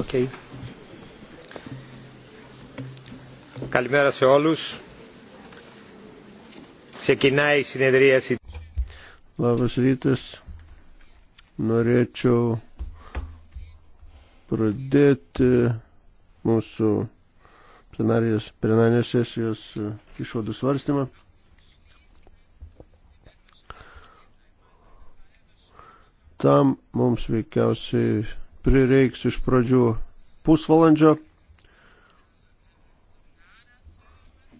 Okay. Καλημέρα σε όλους. Ξεκινάει η συνεδρίαση. Labas rytas. Norėčiau pradėti mūsų plenarinės sesijos išvadų svarstymą. tam mums veikiausiai prireiks iš pradžių pusvalandžio.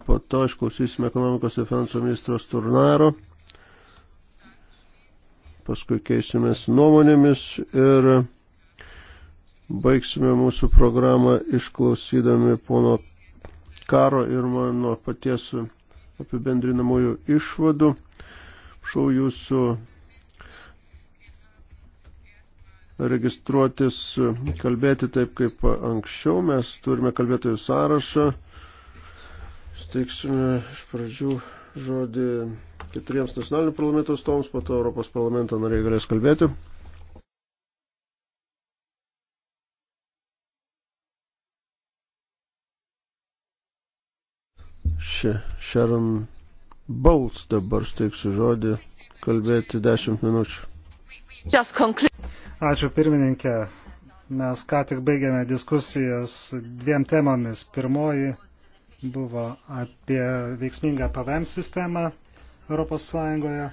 Po to išklausysime ekonomikos ir finansų ministro Sturnaro. Paskui keisimės nuomonėmis ir baigsime mūsų programą išklausydami pono karo ir mano paties apibendrinamųjų išvadų. Šau jūsų registruotis kalbėti taip kaip anksčiau. Mes turime kalbėtojų sąrašą. Steiksime iš pradžių žodį keturiems nacionalinių parlamento atstovams, po to Europos parlamento nariai galės kalbėti. Sharon Bowles dabar steiksiu žodį kalbėti 10 minučių. Ačiū pirmininkė. Mes ką tik baigėme diskusijas dviem temomis. Pirmoji buvo apie veiksmingą PVM sistemą Europos Sąjungoje.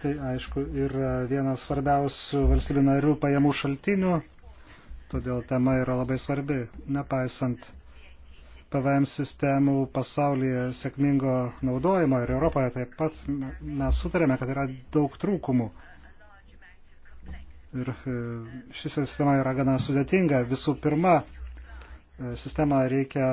Tai aišku yra vienas svarbiausių valstybių narių pajamų šaltinių, todėl tema yra labai svarbi. Nepaisant PVM sistemų pasaulyje sėkmingo naudojimo ir Europoje taip pat mes sutarėme, kad yra daug trūkumų Ir e, ši sistema yra gana sudėtinga. Visų pirma, e, sistema reikia,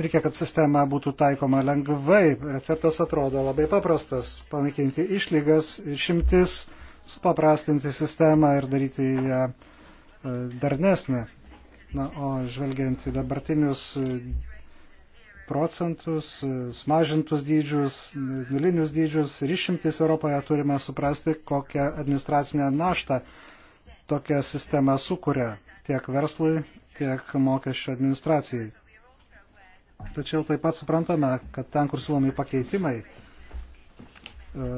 reikia, kad sistema būtų taikoma lengvai. Receptas atrodo labai paprastas - panaikinti išlygas, išimtis, supaprastinti sistemą ir daryti ją e, darnesnę. Na, o žvelgiant į dabartinius procentus, sumažintus dydžius, nulinius dydžius ir išimtis Europoje turime suprasti, kokią administracinę naštą tokia sistema sukuria tiek verslui, tiek mokesčio administracijai. Tačiau taip pat suprantame, kad ten, kur siūlomi pakeitimai,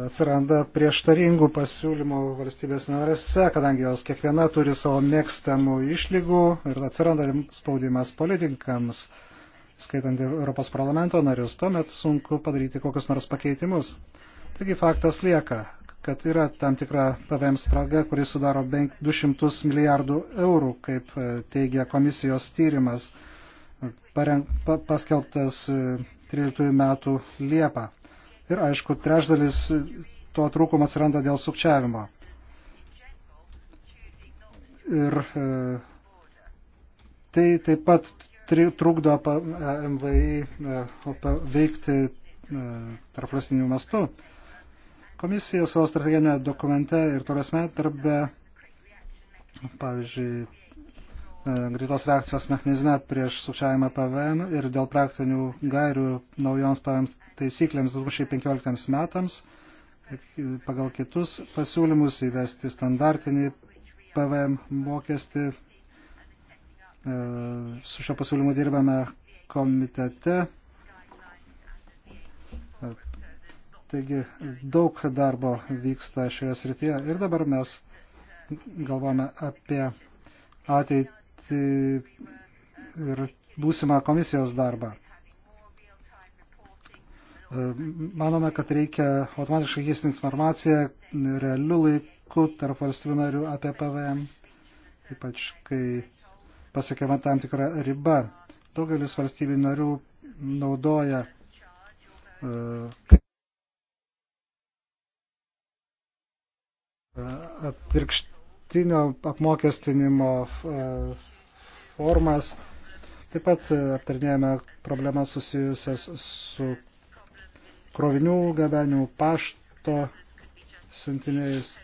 atsiranda prieštaringų pasiūlymų valstybės narėse, kadangi jos kiekviena turi savo mėgstamų išlygų ir atsiranda spaudimas politikams skaitant Europos parlamento narius, tuomet sunku padaryti kokius nors pakeitimus. Taigi faktas lieka, kad yra tam tikra PVM spraga, kuri sudaro beveik 200 milijardų eurų, kaip e, teigia komisijos tyrimas pareng, pa, paskelbtas 13 e, metų Liepą. Ir aišku, trešdalis to trūkumo atsiranda dėl sukčiavimo. Ir e, tai taip pat trukdo e, MVI e, veikti e, tarpvalstybiniu mastu. Komisija savo strateginė dokumente ir tolesme darbė, pavyzdžiui, greitos reakcijos mechanizme prieš sukčiavimą PVM ir dėl praktinių gairių naujoms PVM taisyklėms 2015 metams pagal kitus pasiūlymus įvesti standartinį PVM mokestį E, su šio pasiūlymu dirbame komitete. E, taigi daug darbo vyksta šioje srityje ir dabar mes galvome apie ateitį ir būsimą komisijos darbą. E, manome, kad reikia automatiškai keisti informaciją realiu laiku tarp valstybių narių apie PVM, ypač kai pasiekiama tam tikra riba. Daugelis valstybių narių naudoja e, atvirkštinio apmokestinimo e, formas. Taip pat e, aptarnėjame problemas susijusias su krovinių gabenimu pašto siuntinėjus.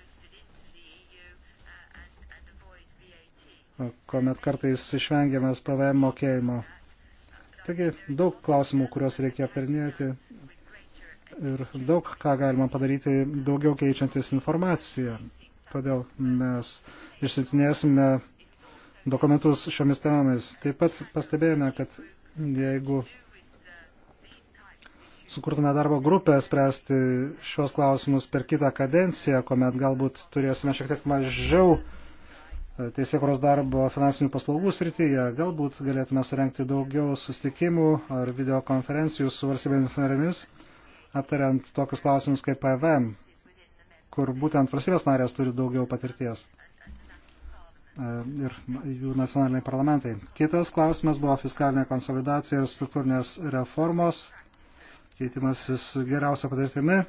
kuomet kartais išvengiamas PVM mokėjimo. Taigi daug klausimų, kuriuos reikia aptarnėti ir daug ką galima padaryti daugiau keičiantis informaciją. Todėl mes išsitinėsime dokumentus šiomis temomis. Taip pat pastebėjome, kad jeigu sukurtume darbo grupę spręsti šios klausimus per kitą kadenciją, kuomet galbūt turėsime šiek tiek mažiau uh, E, teisėkuros darbo finansinių paslaugų srityje. Galbūt galėtume surenkti daugiau sustikimų ar videokonferencijų su valstybėmis narėmis, aptariant tokius klausimus kaip PVM, kur būtent valstybės narės turi daugiau patirties e, ir jų nacionaliniai parlamentai. Kitas klausimas buvo fiskalinė konsolidacija ir struktūrinės reformos, keitimasis geriausia patirtimi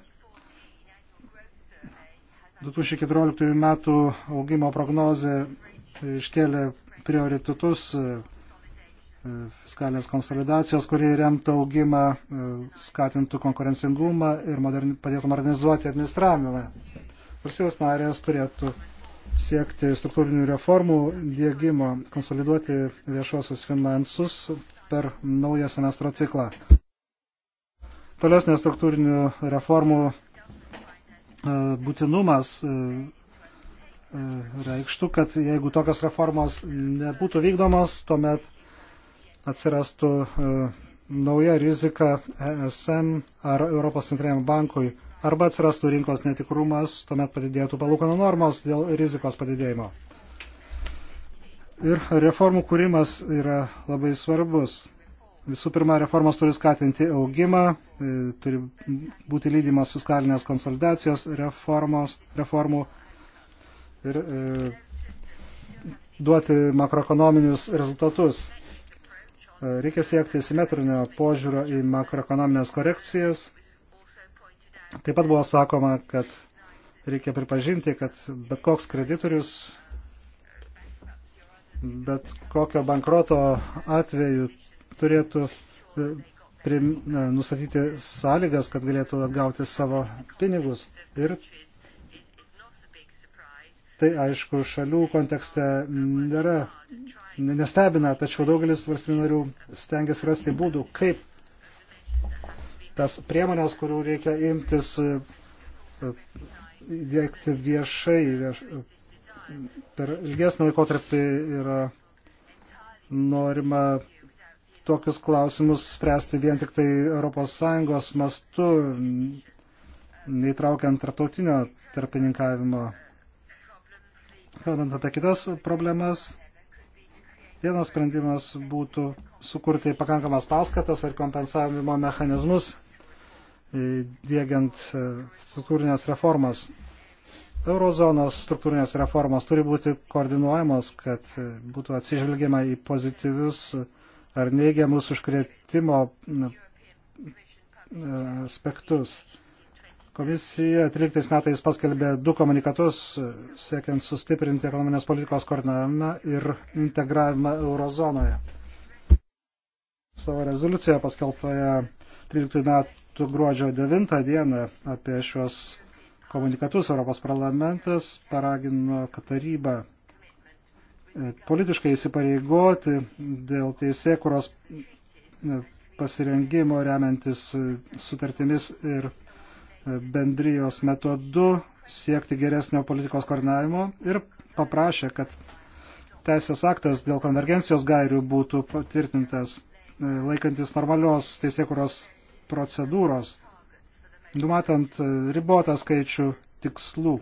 2014 metų augimo prognozė iškėlė prioritetus e, fiskalinės konsolidacijos, kurie remtų augimą, e, skatintų konkurencingumą ir modern, padėtų modernizuoti administravimą. Valstybės narės turėtų siekti struktūrinių reformų dėgymo, konsoliduoti viešuosius finansus per naują semestro ciklą. Tolesnė struktūrinių reformų E, būtinumas e, e, reikštų, kad jeigu tokios reformos nebūtų vykdomos, tuomet atsirastų nauja rizika ESM ar Europos centriniam bankui, arba atsirastų rinkos netikrumas, tuomet padidėtų palūkanų normos dėl rizikos padidėjimo. Ir reformų kūrimas yra labai svarbus. Visų pirma, reformos turi skatinti augimą, e, turi būti lydimas fiskalinės konsolidacijos reformos, reformų ir e, duoti makroekonominius rezultatus. E, reikia siekti simetrinio požiūrio į makroekonominės korekcijas. Taip pat buvo sakoma, kad reikia pripažinti, kad bet koks kreditorius, bet kokio bankroto atveju turėtų e, nustatyti sąlygas, kad galėtų atgauti savo pinigus. Ir tai, aišku, šalių kontekste nėra, nestebina, tačiau daugelis valstybių narių stengiasi rasti būdų, kaip tas priemonės, kurių reikia imtis e, dėkti viešai vieš, per ilgesnį laikotarpį yra norima tokius klausimus spręsti vien tik tai ES mastu, neįtraukiant tarptautinio tarpininkavimo. Kalbant apie kitas problemas, vienas sprendimas būtų sukurti pakankamas paskatas ar kompensavimo mechanizmus, e, dėgiant e, struktūrinės reformas. Eurozonos struktūrinės reformos turi būti koordinuojamos, kad e, būtų atsižvelgiama į pozityvius uh, ar neigiamus užkretimo aspektus. Komisija 13 metais paskelbė du komunikatus, siekiant sustiprinti ekonominės politikos koordinavimą ir integravimą eurozonoje. Savo rezoliuciją paskelbtoje 13 metų gruodžio 9 dieną apie šios komunikatus Europos parlamentas paragino, kad taryba politiškai įsipareigoti dėl teisėkuros e, pasirengimo remiantis e, sutartimis ir e, bendrijos metodu siekti geresnio politikos koordinavimo ir paprašė, kad teisės aktas dėl konvergencijos gairių būtų patvirtintas laikantis normalios teisėkuros procedūros, numatant ribotą skaičių tikslų.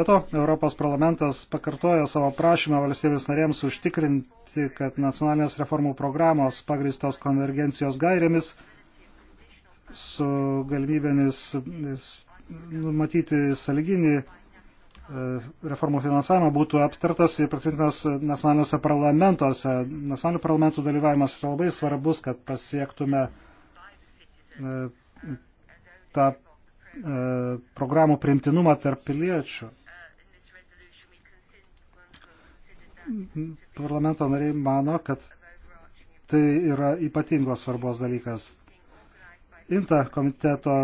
Be to, Europos parlamentas pakartojo savo prašymą valstybės narėms užtikrinti, kad nacionalinės reformų programos pagristos konvergencijos gairėmis su galimybėmis numatyti saliginį e, reformų finansavimą būtų aptartas ir patvirtintas nacionaliniuose parlamentuose. Nacionalinių parlamentų dalyvavimas yra labai svarbus, kad pasiektume e, tą e, programų primtinumą tarp piliečių. parlamento nariai mano, kad tai yra ypatingos svarbos dalykas. Inta komiteto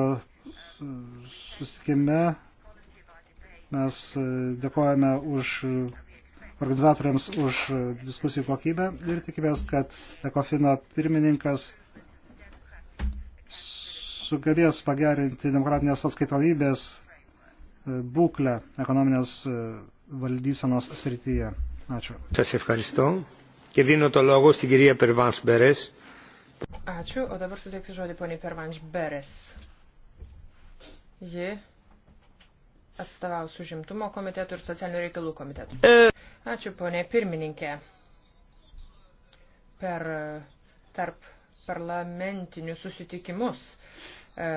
susitikime mes e, dėkojame už organizatoriams už diskusijų kokybę ir tikimės, kad Ekofino pirmininkas sugebės pagerinti demokratinės atskaitomybės e, būklę ekonominės e, valdysenos srityje. Ačiū. Ačiū, o dabar suteiksiu žodį poniai Pervanš Beres. Ji atstovaus užimtumo komitetų ir socialinių reikalų komitetų. E. Ačiū, ponė pirmininkė. Per tarp parlamentinius susitikimus e,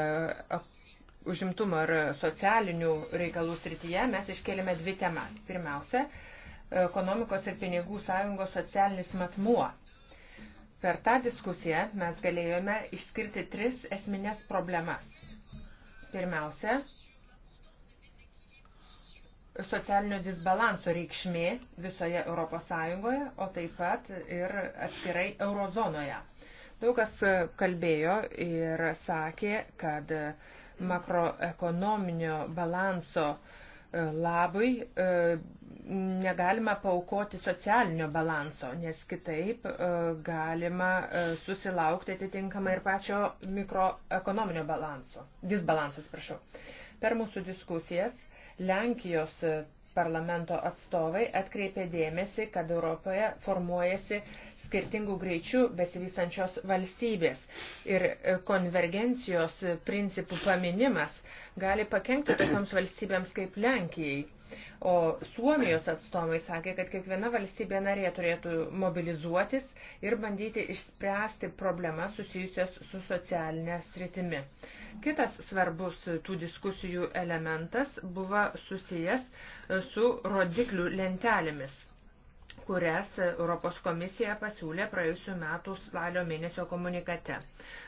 užimtumo ir socialinių reikalų srityje mes iškėlėme dvi temas. Pirmiausia, ekonomikos ir pinigų sąjungos socialinis matmuo. Per tą diskusiją mes galėjome išskirti tris esminės problemas. Pirmiausia, socialinio disbalanso reikšmė visoje Europos Sąjungoje, o taip pat ir atskirai eurozonoje. Daug kas kalbėjo ir sakė, kad makroekonominio balanso uh, E, labai e, negalima paukoti socialinio balanso, nes kitaip e, galima susilaukti atitinkamai ir pačio mikroekonominio balanso, disbalansos, prašau. Per mūsų diskusijas Lenkijos parlamento atstovai atkreipė dėmesį, kad Europoje formuojasi uh, skirtingų greičių besivysančios valstybės. Ir e, konvergencijos principų paminimas gali pakengti tokioms valstybėms kaip Lenkijai. O Suomijos atstovai sakė, kad kiekviena valstybė narė turėtų mobilizuotis ir bandyti išspręsti problemas susijusias su socialinė sritimi. Kitas svarbus tų diskusijų elementas buvo susijęs e, su rodiklių lentelėmis kurias Europos komisija pasiūlė praėjusiu metu svalio mėnesio komunikate.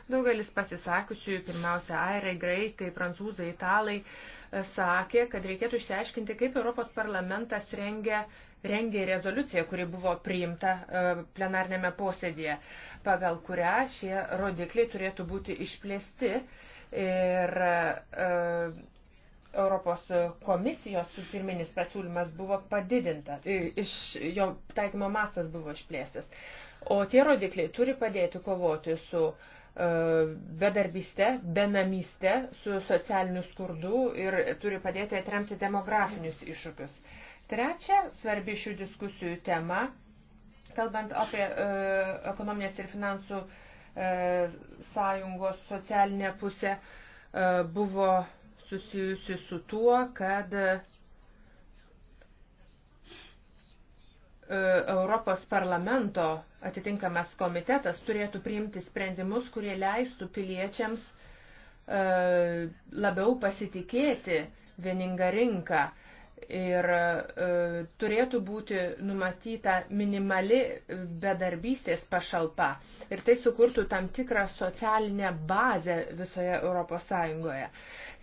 Daugelis pasisakiusiųjų, pirmiausia, airai, graikai, prancūzai, italai, e, sakė, kad reikėtų išsiaiškinti, kaip Europos parlamentas rengia rengė rezoliuciją, kuri buvo priimta e, plenarnėme posėdėje, pagal kurią šie rodikliai turėtų būti išplėsti ir e, Europos komisijos pirminis pasiūlymas buvo padidintas, iš jo taikymo mastas buvo išplėstas. O tie rodikliai turi padėti kovoti su e, bedarbiste, benamyste, su socialiniu skurdu ir turi padėti atremti demografinius iššūkius. Trečia svarbi šių diskusijų tema, kalbant apie e, ekonominės ir finansų e, sąjungos socialinę pusę, e, buvo susijusi su tuo, kad e, Europos parlamento atitinkamas komitetas turėtų priimti sprendimus, kurie leistų piliečiams e, labiau pasitikėti vieningą rinką ir e, turėtų būti numatyta minimali bedarbystės pašalpa ir tai sukurtų tam tikrą socialinę bazę visoje Europos Sąjungoje.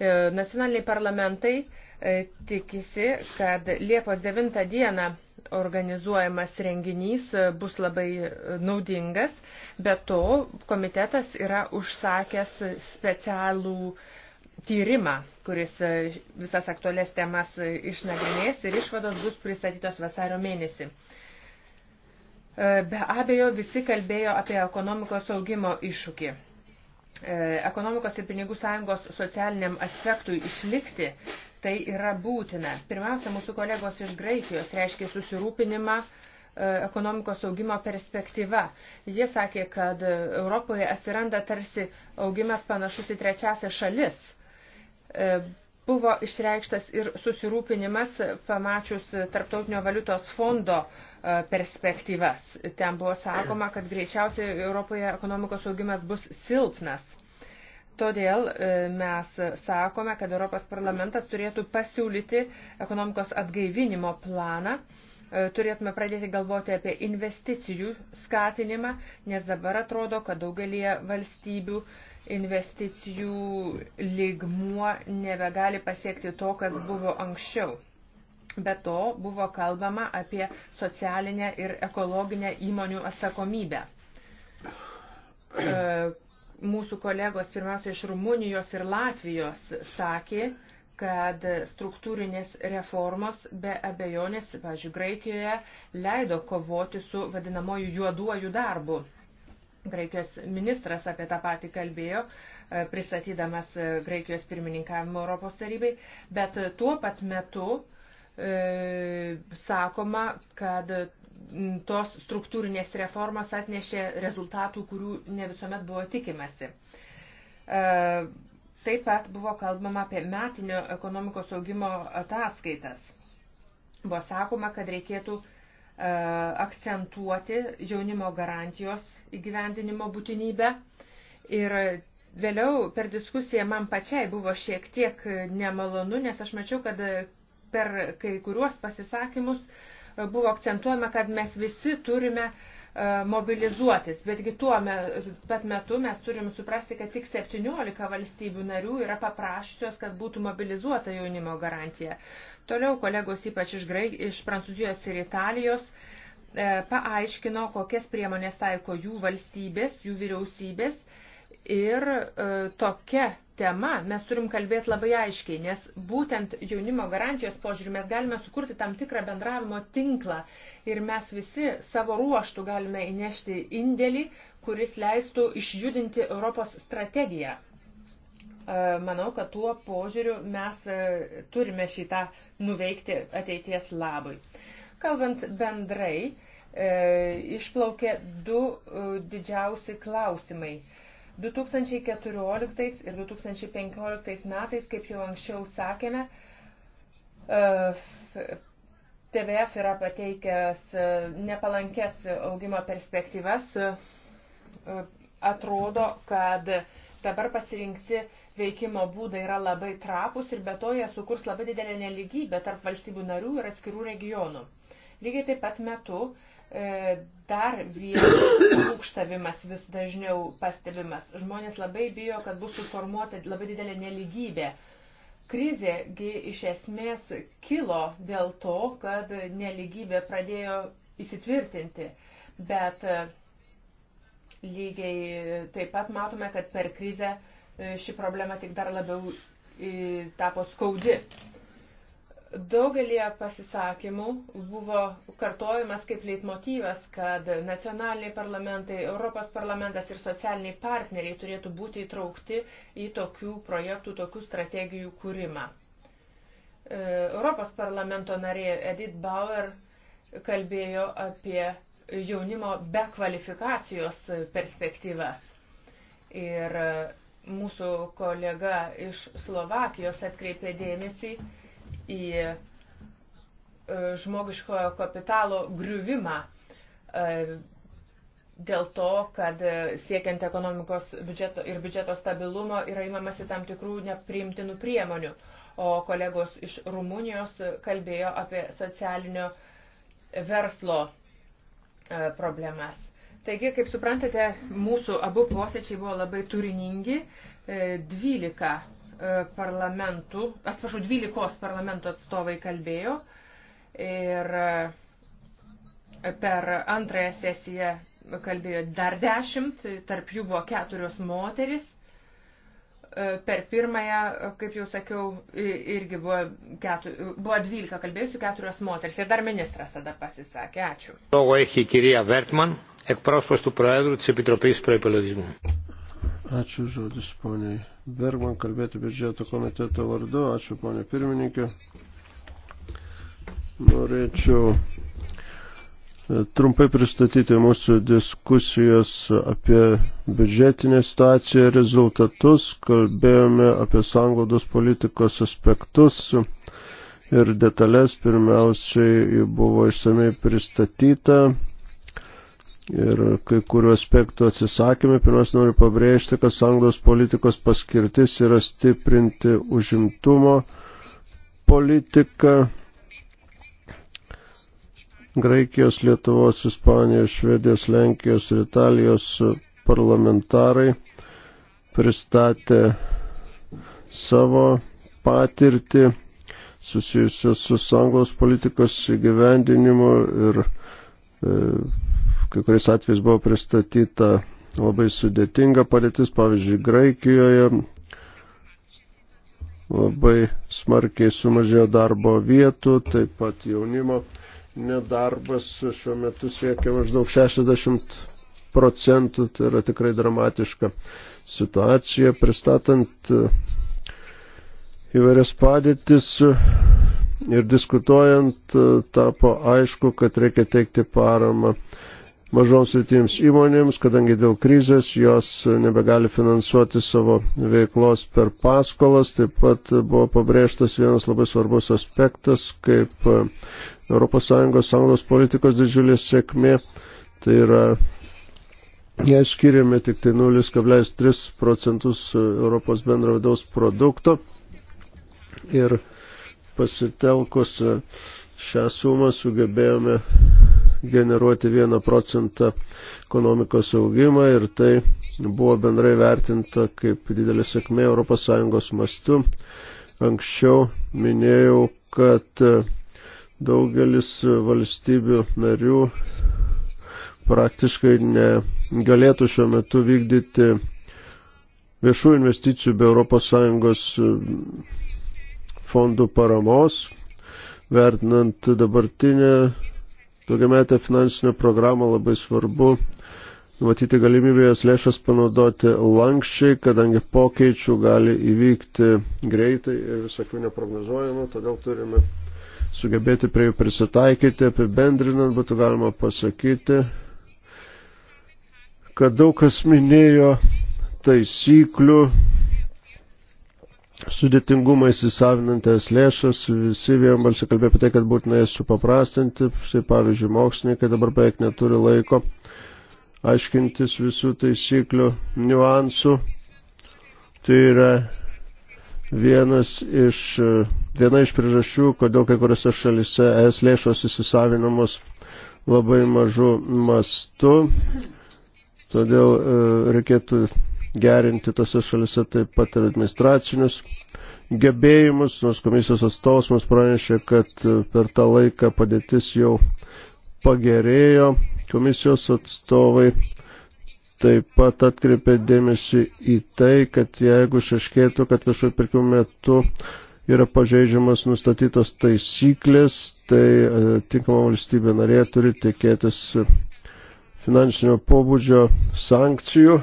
E, nacionaliniai parlamentai e, tikisi, kad Liepos 9 dieną organizuojamas renginys e, bus labai naudingas, bet to komitetas yra užsakęs specialų tyrimą, kuris visas aktualias temas išnagrinės ir išvados bus pristatytos vasario mėnesį. Be abejo, visi kalbėjo apie ekonomikos augimo iššūkį. E, ekonomikos ir pinigų sąjungos socialiniam aspektui išlikti, tai yra būtina. Pirmiausia, mūsų kolegos iš Graikijos reiškia susirūpinimą e, ekonomikos augimo perspektyva. Jie sakė, kad Europoje atsiranda tarsi augimas panašus į trečiasią šalis e, Buvo išreikštas ir susirūpinimas pamačius Tarptautinio valiutos fondo e, perspektyvas. Ten buvo sakoma, kad greičiausiai Europoje ekonomikos augimas bus silpnas. Todėl e, mes sakome, kad Europos parlamentas turėtų pasiūlyti ekonomikos atgaivinimo planą. E, turėtume pradėti galvoti apie investicijų skatinimą, nes dabar atrodo, kad daugelie valstybių uh, investicijų lygmuo nebegali pasiekti to, kas buvo anksčiau. Be to buvo kalbama apie socialinę ir ekologinę įmonių atsakomybę. E, mūsų kolegos pirmiausia iš Rumunijos ir Latvijos sakė, kad struktūrinės reformos be abejonės, pavyzdžiui, Graikijoje leido kovoti su vadinamoju juoduoju darbu Graikijos ministras apie tą patį kalbėjo, e, pristatydamas e, Graikijos pirmininkavimo Europos tarybai, bet tuo pat metu e, sakoma, kad tos struktūrinės reformos atnešė rezultatų, kurių ne visuomet buvo tikimasi. E, taip pat buvo kalbama apie metinio ekonomikos augimo ataskaitas. Buvo sakoma, kad reikėtų e, E, akcentuoti jaunimo garantijos įgyvendinimo būtinybę. Ir vėliau per diskusiją man pačiai buvo šiek tiek nemalonu, nes aš mačiau, kad per kai kuriuos pasisakymus e, buvo akcentuojama, kad mes visi turime e, mobilizuotis, betgi tuo pat metu mes turim suprasti, kad tik 17 valstybių narių yra paprašytos, kad būtų mobilizuota jaunimo garantija. Toliau kolegos ypač iš, Graik, iš Prancūzijos ir Italijos e, paaiškino, kokias priemonės taiko jų valstybės, jų vyriausybės. Ir e, tokia tema mes turim kalbėti labai aiškiai, nes būtent jaunimo garantijos požiūrį mes galime sukurti tam tikrą bendravimo tinklą ir mes visi savo ruoštų galime įnešti indėlį, kuris leistų išjudinti Europos strategiją E, manau, kad tuo požiūriu mes e, turime šitą nuveikti ateities labui. Kalbant bendrai, e, išplaukė du didžiausi klausimai. 2014 ir 2015 metais, kaip jau anksčiau sakėme, TVF yra pateikęs nepalankės augimo perspektyvas. Atrodo, kad dabar pasirinkti veikimo būdai yra labai trapus ir be to jie sukurs labai didelę neligybę tarp valstybių narių ir atskirų regionų. Lygiai taip pat metu e, dar vienas būkštavimas vis dažniau pastebimas. Žmonės labai bijo, kad bus suformuota labai didelė neligybė. Krizėgi iš esmės kilo dėl to, kad neligybė pradėjo įsitvirtinti, bet e, lygiai taip pat matome, kad per krizę uh, ši problema tik dar labiau e, tapo skaudi. Daugelie pasisakymų buvo kartojimas kaip leitmotyvas, kad nacionaliniai parlamentai, Europos parlamentas ir socialiniai partneriai turėtų būti įtraukti į tokių projektų, tokių strategijų kūrimą. E, Europos parlamento narė Edith Bauer kalbėjo apie jaunimo be kvalifikacijos perspektyvas. Ir Mūsų kolega iš Slovakijos atkreipė dėmesį į e, žmogiškojo kapitalo griuvimą e, dėl to, kad e, siekiant ekonomikos biudžeto ir biudžeto stabilumo yra imamasi tam tikrų nepriimtinų priemonių. O kolegos iš Rumunijos kalbėjo apie socialinio verslo problemas. Taigi, kaip suprantate, mūsų abu posėčiai buvo labai turiningi. 12 e, e, parlamentų, atsiprašau, 12 parlamento atstovai kalbėjo ir e, per antrąją sesiją kalbėjo dar dešimt, tarp jų buvo keturios moteris. Per pirmąją, kaip jau sakiau, irgi buvo, ketur, buvo 12 kalbėjusių keturios moteris ir dar ministras tada pasisakė. Ačiū εκπρόσωπος του Προέδρου της Επιτροπής Προϋπολογισμού. Ačiū žodis poniai Bergman, kalbėti biudžeto komiteto vardu. Ačiū poniai pirmininkė. Norėčiau e, trumpai pristatyti mūsų diskusijos apie biudžetinę situaciją rezultatus. Kalbėjome apie sanglaudos politikos aspektus ir detalės pirmiausiai buvo išsamei pristatyta ir kai kurių aspektų atsisakymai. Pirmiausia, noriu pabrėžti, kad sąjungos politikos paskirtis yra stiprinti užimtumo politiką. Graikijos, Lietuvos, Ispanijos, Švedijos, Lenkijos ir Italijos parlamentarai pristatė savo patirtį susijusios su sąjungos politikos įgyvendinimu ir E, kai kuriais atvejais buvo pristatyta labai sudėtinga padėtis, pavyzdžiui, Graikijoje labai smarkiai sumažėjo darbo vietų, taip pat jaunimo nedarbas šiuo metu siekia maždaug 60 procentų, tai yra tikrai dramatiška situacija. Pristatant e, įvairias padėtis ir diskutuojant e, tapo aišku, kad reikia teikti paramą mažoms rytims įmonėms, kadangi dėl krizės jos nebegali finansuoti savo veiklos per paskolas. Taip pat buvo pabrėžtas vienas labai svarbus aspektas, kaip ES sąjungos politikos didžiulė sėkmė. Tai yra, jie skiriame tik tai 0,3 procentus Europos bendro vidaus produkto. Ir pasitelkus e, šią sumą sugebėjome generuoti 1 procentą ekonomikos augimą ir tai buvo bendrai vertinta kaip didelė sėkmė ES mastu. Anksčiau minėjau, kad daugelis valstybių narių praktiškai negalėtų šiuo metu vykdyti viešų investicijų be ES fondų paramos, vertinant dabartinę daugiametę finansinę programą labai svarbu matyti galimybę jos lėšas panaudoti lankščiai, kadangi pokyčių gali įvykti greitai ir visokių neprognozuojamų, todėl turime sugebėti prie jų prisitaikyti, apibendrinant būtų galima pasakyti, kad daug kas minėjo taisyklių sudėtingumą įsisavinantas lėšas, visi vienbalsiai kalbėjo apie tai, kad būtina jas supaprastinti, štai pavyzdžiui, mokslininkai dabar beveik neturi laiko aiškintis visų taisyklių niuansų. Tai yra vienas iš, viena iš priežasčių, kodėl kai kuriuose šalise es lėšos įsisavinamos labai mažu mastu. Todėl e, reikėtų gerinti tose šalise taip pat ir administracinius gebėjimus, nors komisijos atstovas mums pranešė, kad e, per tą laiką padėtis jau pagerėjo. Komisijos atstovai taip pat atkreipė dėmesį į tai, kad jeigu šeškėtų, kad viešųjų pirkimų metu yra pažeidžiamas nustatytos taisyklės, tai e, tinkama valstybė narė turi tikėtis finansinio pobūdžio sankcijų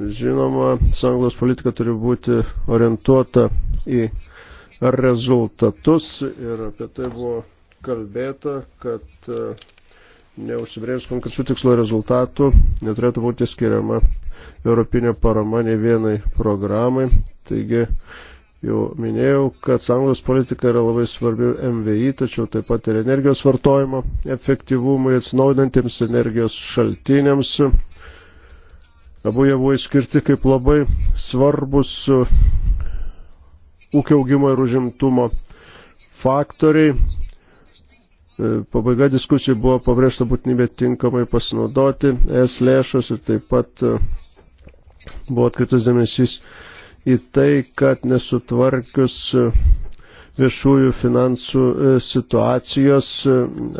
Žinoma, sąjungos politika turi būti orientuota į rezultatus ir apie tai buvo kalbėta, kad e, neužsibrėjus konkrečių tikslo rezultatų neturėtų būti skiriama europinė parama ne vienai programai. Taigi, jau minėjau, kad sąjungos politika yra labai svarbi MVI, tačiau taip pat ir energijos vartojimo efektyvumui, atsinaudantiems energijos šaltiniams Abu jie buvo įskirti kaip labai svarbus uh, ūkio augimo ir užimtumo faktoriai. Uh, pabaiga diskusijų buvo pabrėžta būtinybė tinkamai pasinaudoti es lėšos ir taip pat uh, buvo atkritas dėmesys į tai, kad nesutvarkius viešųjų finansų e, situacijos e,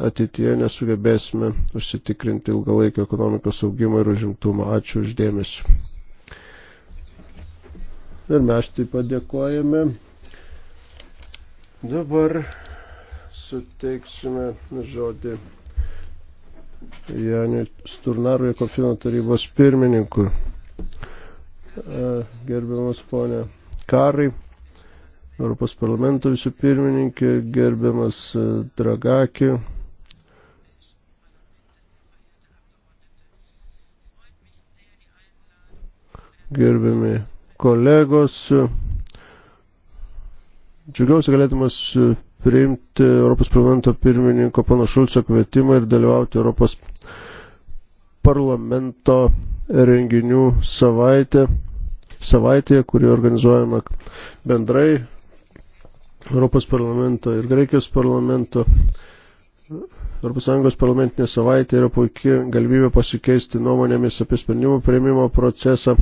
ateityje nesugebėsime užsitikrinti ilgalaikio ekonomikos augimo ir užimtumo. Ačiū uždėmesi. Ir mes taip pat dėkojame. Dabar suteiksime žodį Janui Sturnarui Kofino tarybos pirmininkui. E, gerbiamas ponė Karai. Europos parlamento visų pirmininkė, gerbiamas e, Dragaki. Gerbiami kolegos, džiugiausi galėtumas priimti Europos parlamento pirmininko pana Šulco kvietimą ir dalyvauti Europos parlamento renginių savaitė, savaitėje, kuri organizuojama bendrai Europos parlamento ir Graikijos parlamento. Europos Sąjungos parlamentinė savaitė yra puikia galimybė pasikeisti nuomonėmis apie sprendimų prieimimo procesą,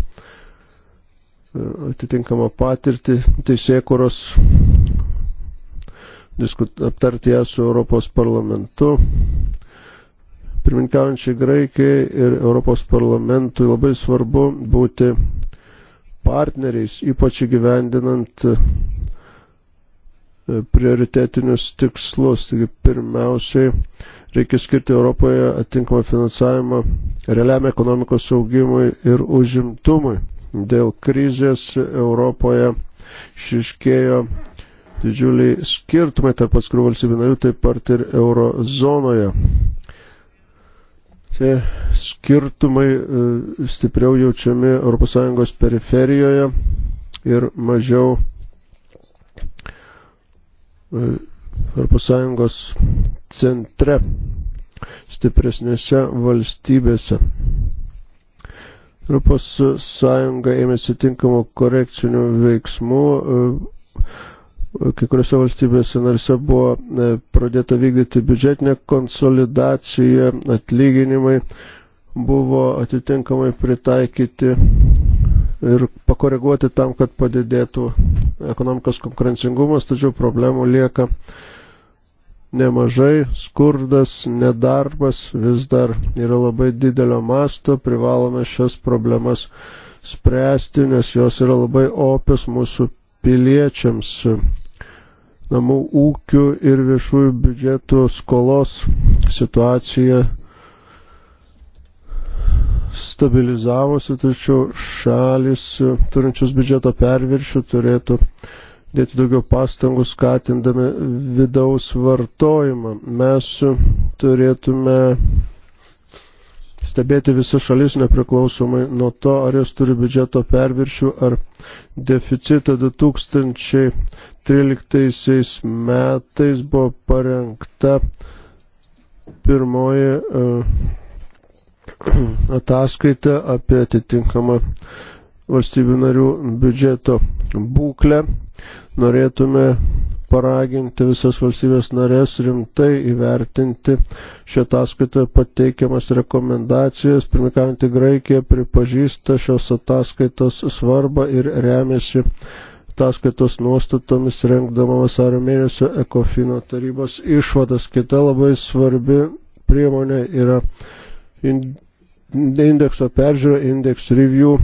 atitinkamą patirtį teisėkuros, aptarti ją su Europos parlamentu. Pirminkaujančiai Graikijai ir Europos parlamentui labai svarbu būti partneriais, ypač įgyvendinant E, prioritetinius tikslus. Taigi pirmiausiai reikia skirti Europoje atinkamą finansavimą realiam ekonomikos augimui ir užimtumui. Dėl krizės Europoje šiškėjo didžiuliai skirtumai tarp atskirų valstybių narių, taip pat ir eurozonoje. Tie skirtumai e, stipriau jaučiami ES periferijoje ir mažiau Europos Sąjungos centre stipresnėse valstybėse. Europos Sąjunga ėmėsi tinkamų korekcinių veiksmų. E, kai kuriuose valstybėse narse buvo e, pradėta vykdyti biudžetinė konsolidacija, atlyginimai buvo atitinkamai pritaikyti ir pakoreguoti tam, kad padidėtų ekonomikos konkurencingumas, tačiau problemų lieka nemažai, skurdas, nedarbas vis dar yra labai didelio masto, privalome šias problemas spręsti, nes jos yra labai opės mūsų piliečiams. Namų ūkių ir viešųjų biudžetų skolos situacija stabilizavosi, tačiau šalis turinčios biudžeto perviršių turėtų dėti daugiau pastangų skatindami vidaus vartojimą. Mes turėtume stebėti visas šalis nepriklausomai nuo to, ar jos turi biudžeto perviršių ar deficitą 2013 metais buvo parengta pirmoji uh, ataskaitą apie atitinkamą valstybių narių biudžeto būklę. Norėtume paraginti visas valstybės narės rimtai įvertinti šią ataskaitą pateikiamas rekomendacijas. Pirmikavantį Graikiją pripažįsta šios ataskaitos svarbą ir remiasi ataskaitos nuostatomis rengdama vasario mėnesio ekofino tarybos išvadas. Kita labai svarbi priemonė yra indekso peržiūra, indeks review.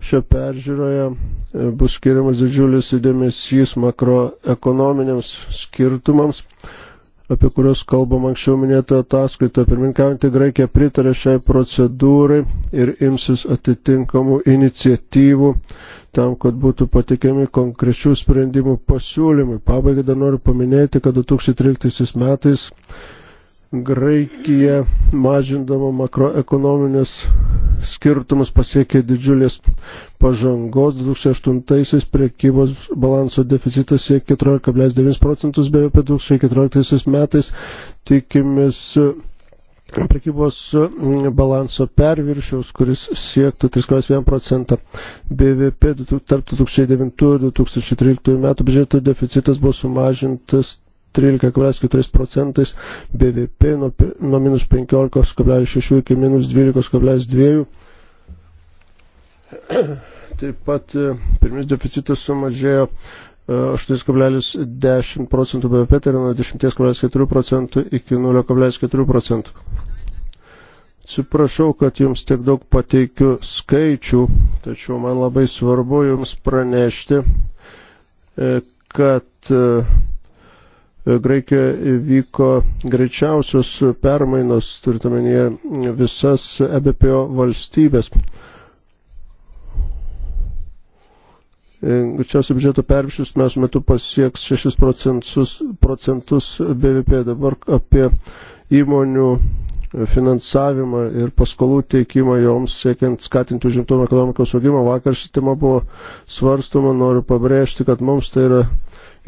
Šio peržiūroje e, bus skiriamas didžiulis dėmesys makroekonominiams skirtumams, apie kuriuos kalbam anksčiau minėto ataskaito. Pirminkaujantį Graikiją pritarė šiai procedūrai ir imsis atitinkamų iniciatyvų tam, kad būtų patikiami konkrečių sprendimų pasiūlymai. Pabaigai dar noriu paminėti, kad 2013 metais Graikija mažindama makroekonominės skirtumus pasiekė didžiulės pažangos. 2008-aisiais priekybos balanso deficitas siekė 14,9 procentus, beje, apie 2014 metais tikimės prekybos balanso perviršiaus, kuris siektų 3,1 procentą BVP tarp 2009 ir 2013 metų biudžeto deficitas buvo sumažintas 13,4 procentais BVP nuo, nuo minus 15,6 iki minus 12,2. Taip pat e, pirminis deficitas sumažėjo 8,10 e, procentų BVP, tai yra nuo 10,4 procentų iki 0,4 procentų. Atsiprašau, kad jums tiek daug pateikiu skaičių, tačiau man labai svarbu jums pranešti, e, kad Graikijoje vyko greičiausios permainos, turintamenyje visas EBPO valstybės. Greičiausiai biudžeto pervišius mes metu pasieks 6 procentus, procentus BVP. Dabar apie įmonių finansavimą ir paskolų teikimą joms, siekiant skatinti užimtumą ekonomikos augimą. Vakar ši tema buvo svarstoma, noriu pabrėžti, kad mums tai yra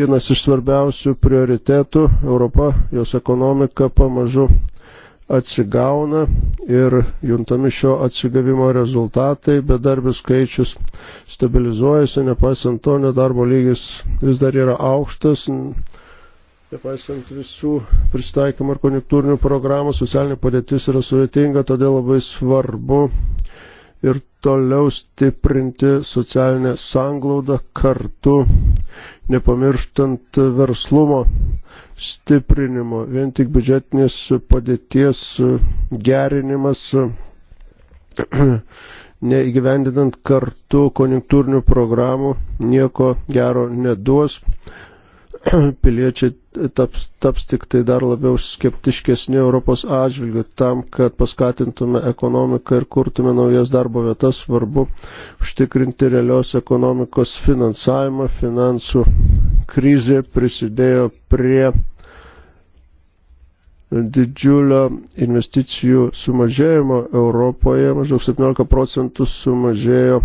vienas iš svarbiausių prioritetų. Europa, jos ekonomika pamažu atsigauna ir juntami šio atsigavimo rezultatai, bedarbių skaičius stabilizuojasi, nepaisant to nedarbo lygis vis dar yra aukštas, nepaisant visų pristaikymų ar konjunktūrinių programų, socialinė padėtis yra sudėtinga, todėl labai svarbu ir toliau stiprinti socialinę sanglaudą kartu, nepamirštant verslumo stiprinimo. Vien tik biudžetinės padėties gerinimas, neįgyvendinant kartu konjunktūrinių programų, nieko gero neduos. piliečiai taps, taps tik tai dar labiau skeptiškesni Europos atžvilgių. Tam, kad paskatintume ekonomiką ir kurtume naujas darbo vietas, svarbu užtikrinti realios ekonomikos finansavimą. Finansų krizė prisidėjo prie didžiulio investicijų sumažėjimo Europoje, maždaug 17 procentų sumažėjo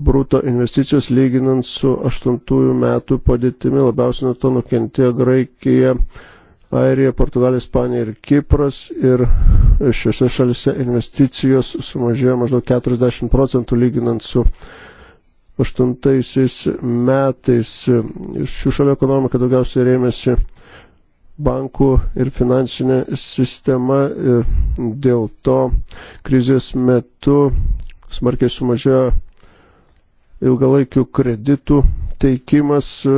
bruto investicijos lyginant su 8 metų padėtimi. Labiausiai nuo to nukentėjo Graikija, Airija, Portugalija, Ispanija ir Kipras. Ir šiuose šalise investicijos sumažėjo maždaug 40 procentų lyginant su 8 metais. Šių šalių ekonomika daugiausiai rėmėsi bankų ir finansinė sistema ir dėl to krizės metu smarkiai sumažėjo ilgalaikių kreditų teikimas e,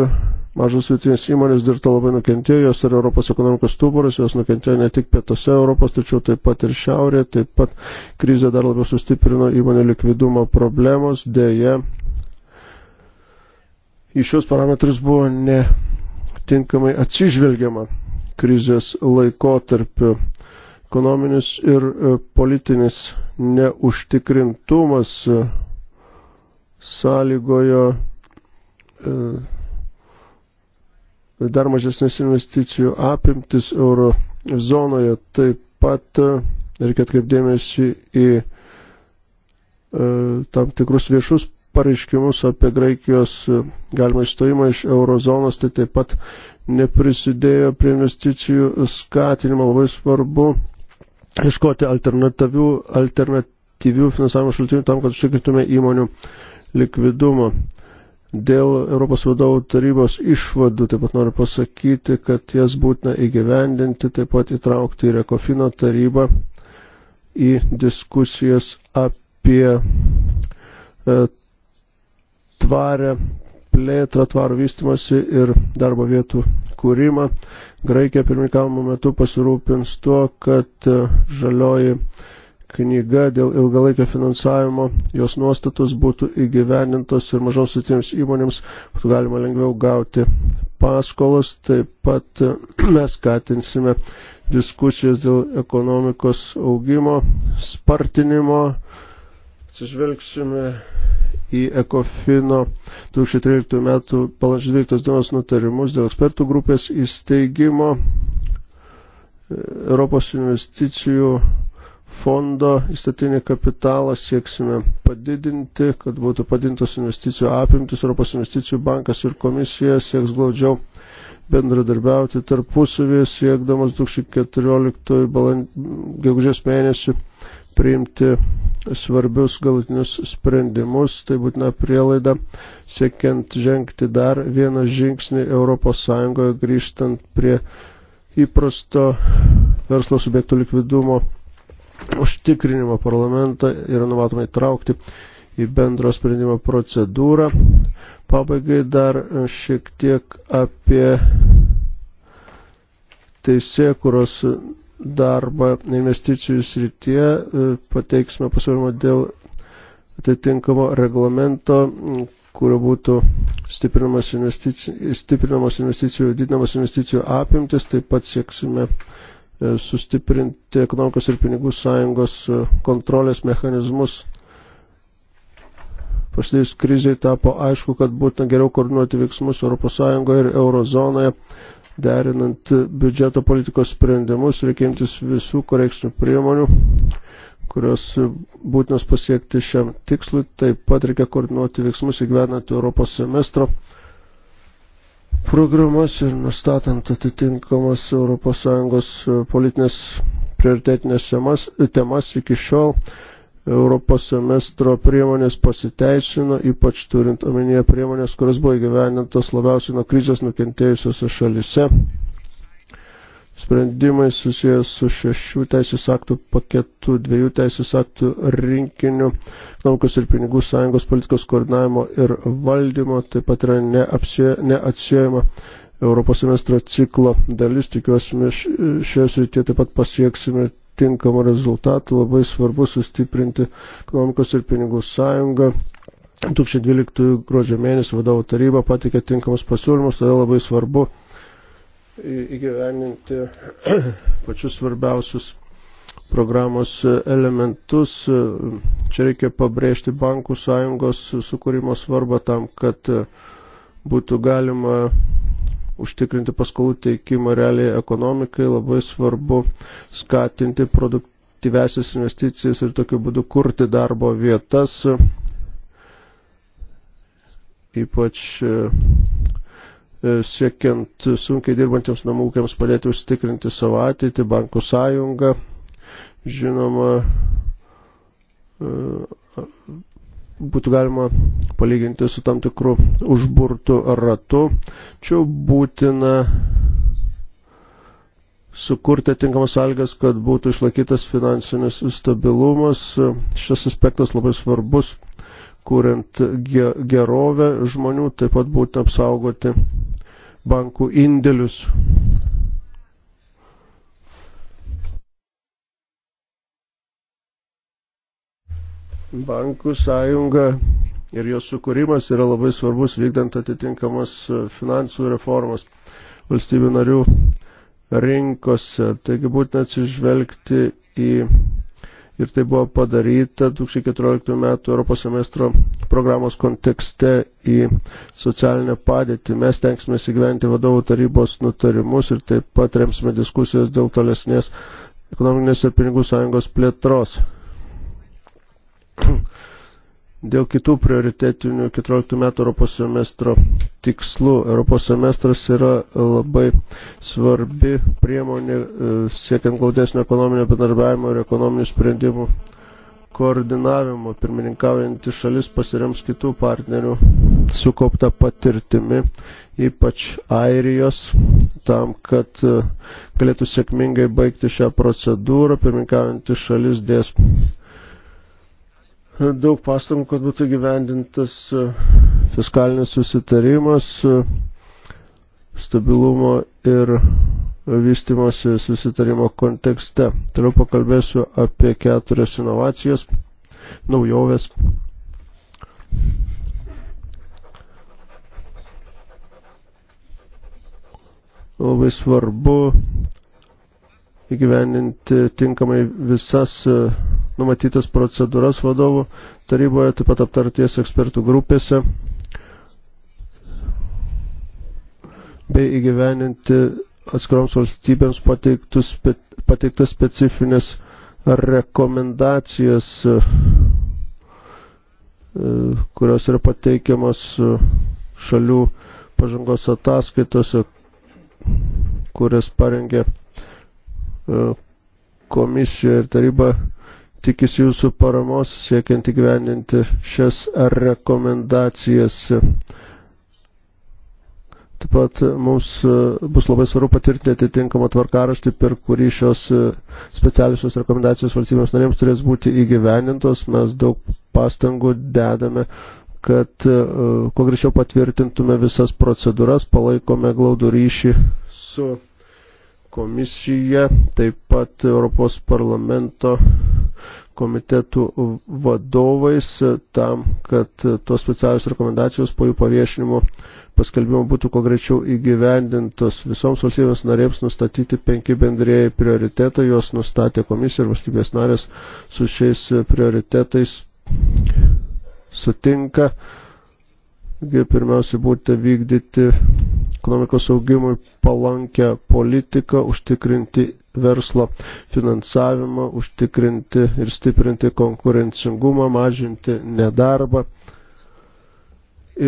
mažos vietinės įmonės dėl to labai nukentėjo, jos yra Europos ekonomikos stuburas, jos nukentėjo ne tik pietose Europos, tačiau taip pat ir šiaurėje, taip pat krizė dar labiau sustiprino įmonių likvidumo problemos, dėje į šios parametrus buvo netinkamai atsižvelgiama krizės laikotarpiu. Ekonominis ir e, politinis neužtikrintumas e, sąlygojo e, dar mažesnės investicijų apimtis euro zonoje. Taip pat e, reikia atkreipdėmėsi į e, tam tikrus viešus pareiškimus apie Graikijos galimą išstojimą iš eurozonos, tai taip pat neprisidėjo prie investicijų skatinimo. Labai svarbu ieškoti alternatyvių, alternatyvių finansavimo šaltinių tam, kad užtikrintume įmonių uh, likvidumo. Dėl Europos vadovų tarybos išvadų taip pat noriu pasakyti, kad jas būtina įgyvendinti, taip pat įtraukti ir Ekofino tarybą į diskusijas apie e, tvarę plėtrą, tvarų vystimasi ir darbo vietų kūrimą. Graikija pirmininkavimo metu pasirūpins tuo, kad e, žalioji knyga dėl ilgalaikio finansavimo, jos nuostatos būtų įgyvenintos ir mažoms sutiems įmonėms būtų galima lengviau gauti paskolas. Taip pat eh, mes skatinsime diskusijas dėl ekonomikos augimo, spartinimo, atsižvelgsime į Ekofino 2013 metų balandžio 12 dienos nutarimus dėl ekspertų grupės įsteigimo eh, Europos investicijų fondo įstatinį kapitalą sieksime padidinti, kad būtų padintos investicijų apimtis. Europos investicijų bankas ir komisija sieks glaudžiau bendradarbiauti tarpusavėje, siekdamas 2014 baland... gegužės mėnesį priimti svarbius galutinius sprendimus. Tai būtina prielaida, siekiant žengti dar vieną žingsnį Europos Sąjungoje, grįžtant prie įprasto verslo subjektų likvidumo užtikrinimo parlamentą yra numatoma įtraukti į bendro sprendimo procedūrą. Pabaigai dar šiek tiek apie teisėkuros darbą investicijų srityje. Pateiksime pasiūlymą dėl atitinkamo reglamento, kurio būtų stiprinamos investicijų, stiprinamos investicijų didinamos investicijų apimtis. Taip pat sieksime uh, E, sustiprinti ekonomikos ir pinigų sąjungos e, kontrolės mechanizmus. Prasidėjus kriziai tapo aišku, kad būtina geriau koordinuoti veiksmus ES ir eurozonoje, derinant biudžeto politikos sprendimus, reikintis visų korekcinių priemonių, kurios būtinos pasiekti šiam tikslui. Taip pat reikia koordinuoti veiksmus įgyvenant Europos semestro programas ir nustatant atitinkamas ES e, politinės prioritetinės temas, temas iki šiol Europos semestro priemonės pasiteisino, ypač turint omenyje priemonės, kurios buvo įgyvenintos labiausiai nuo krizės nukentėjusiose šalise sprendimai susijęs su šešių teisės aktų paketu, dviejų teisės aktų rinkiniu, ekonomikos ir pinigų sąjungos politikos koordinavimo ir valdymo, taip pat yra neatsiejama Europos semestro ciklo dalis, tikiuosi, šioje srityje taip pat pasieksime tinkamą rezultatą, labai svarbu sustiprinti ekonomikos ir pinigų sąjungą. 2012 gruodžio mėnesį vadovų taryba patikė tinkamus pasiūlymus, todėl labai svarbu įgyveninti pačius svarbiausius programos e, elementus. E, čia reikia pabrėžti bankų sąjungos sukūrimo svarbą tam, kad e, būtų galima užtikrinti paskolų teikimą realiai ekonomikai. Labai svarbu skatinti produktyvesias investicijas ir tokiu būdu kurti darbo vietas, ypač E, siekiant sunkiai dirbantiems namų ūkiams padėti užtikrinti savo ateitį, bankų sąjungą. Žinoma, e, būtų galima palyginti su tam tikru užburtu ratu. Čia būtina sukurti tinkamas sąlygas, kad būtų išlaikytas finansinis stabilumas. Šis aspektas labai svarbus kuriant gerovę žmonių, taip pat būtina apsaugoti bankų indėlius. Bankų sąjunga ir jos sukūrimas yra labai svarbus vykdant atitinkamas finansų reformas valstybių narių rinkose. Taigi būtina atsižvelgti į ir tai buvo padaryta 2014 metų Europos semestro programos kontekste į socialinę padėtį. Mes tenksime įgyventi vadovų tarybos nutarimus ir taip pat remsime diskusijas dėl tolesnės ekonominės ir pinigų sąjungos plėtros dėl kitų prioritetinių 14 metų Europos semestro tikslų. Europos semestras yra labai svarbi priemonė e, siekiant glaudesnio ekonominio bendarbiavimo ir ekonominių sprendimų koordinavimo. Pirmininkaujantį šalis pasirems kitų partnerių sukaupta patirtimi, ypač Airijos, tam, kad e, galėtų sėkmingai baigti šią procedūrą. Pirmininkaujantį šalis dės daug pastangų, kad būtų gyvendintas e, fiskalinis susitarimas, e, stabilumo ir vystimosi susitarimo kontekste. Toliau pakalbėsiu apie keturias inovacijas, naujoves. Labai svarbu įgyvendinti tinkamai visas e, numatytas procedūras vadovų taryboje, taip pat aptarties ekspertų grupėse bei įgyveninti atskiroms valstybėms pateiktus, pateiktas specifinės rekomendacijas, e, e, kurios yra pateikiamas šalių pažangos ataskaitose, kurias parengė E, komisija ir taryba tikis jūsų paramos siekiant įgyvendinti šias rekomendacijas. Taip pat mums e, bus labai svarbu patvirtinti atitinkamą tvarkaraštį, per kurį šios e, specialiusios rekomendacijos valstybėms narėms turės būti įgyvendintos. Mes daug pastangų dedame, kad kuo greičiau patvirtintume visas procedūras, palaikome glaudų ryšį su. So komisija, taip pat Europos parlamento komitetų vadovais tam, kad tos specialios rekomendacijos po jų paviešinimo paskelbimo būtų kuo greičiau įgyvendintos. Visoms valstybės narėms nustatyti penki bendrėjai prioritetai, jos nustatė komisija ir valstybės narės su šiais prioritetais sutinka. Pirmiausia, būtų vykdyti ekonomikos augimui palankę politiką, užtikrinti verslo finansavimą, užtikrinti ir stiprinti konkurencingumą, mažinti nedarbą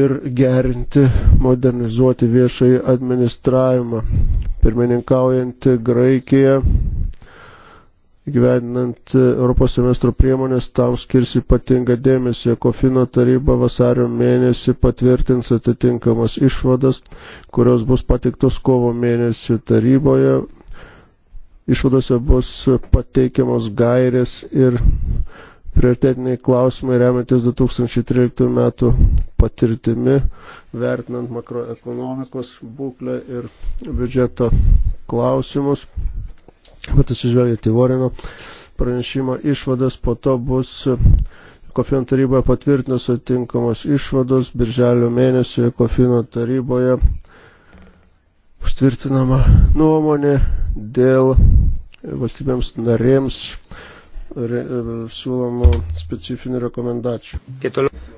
ir gerinti, modernizuoti viešai administravimą. Pirmininkaujantį Graikiją gyveninant e, Europos semestro priemonės, tam skirs ypatingą dėmesį. Kofino taryba vasario mėnesį patvirtins atitinkamas išvadas, kurios bus pateiktos kovo mėnesį taryboje. Išvadose bus pateikiamos gairės ir prioritetiniai klausimai remiantis 2013 metų patirtimi, vertinant makroekonomikos būklę ir biudžeto klausimus bet atsižvelgiant į Vorino pranešimo išvadas, po to bus e, Kofino taryboje patvirtinus atinkamos išvados, birželio mėnesį Kofino taryboje užtvirtinama nuomonė dėl valstybėms narėms e, siūlomų specifinių rekomendacijų.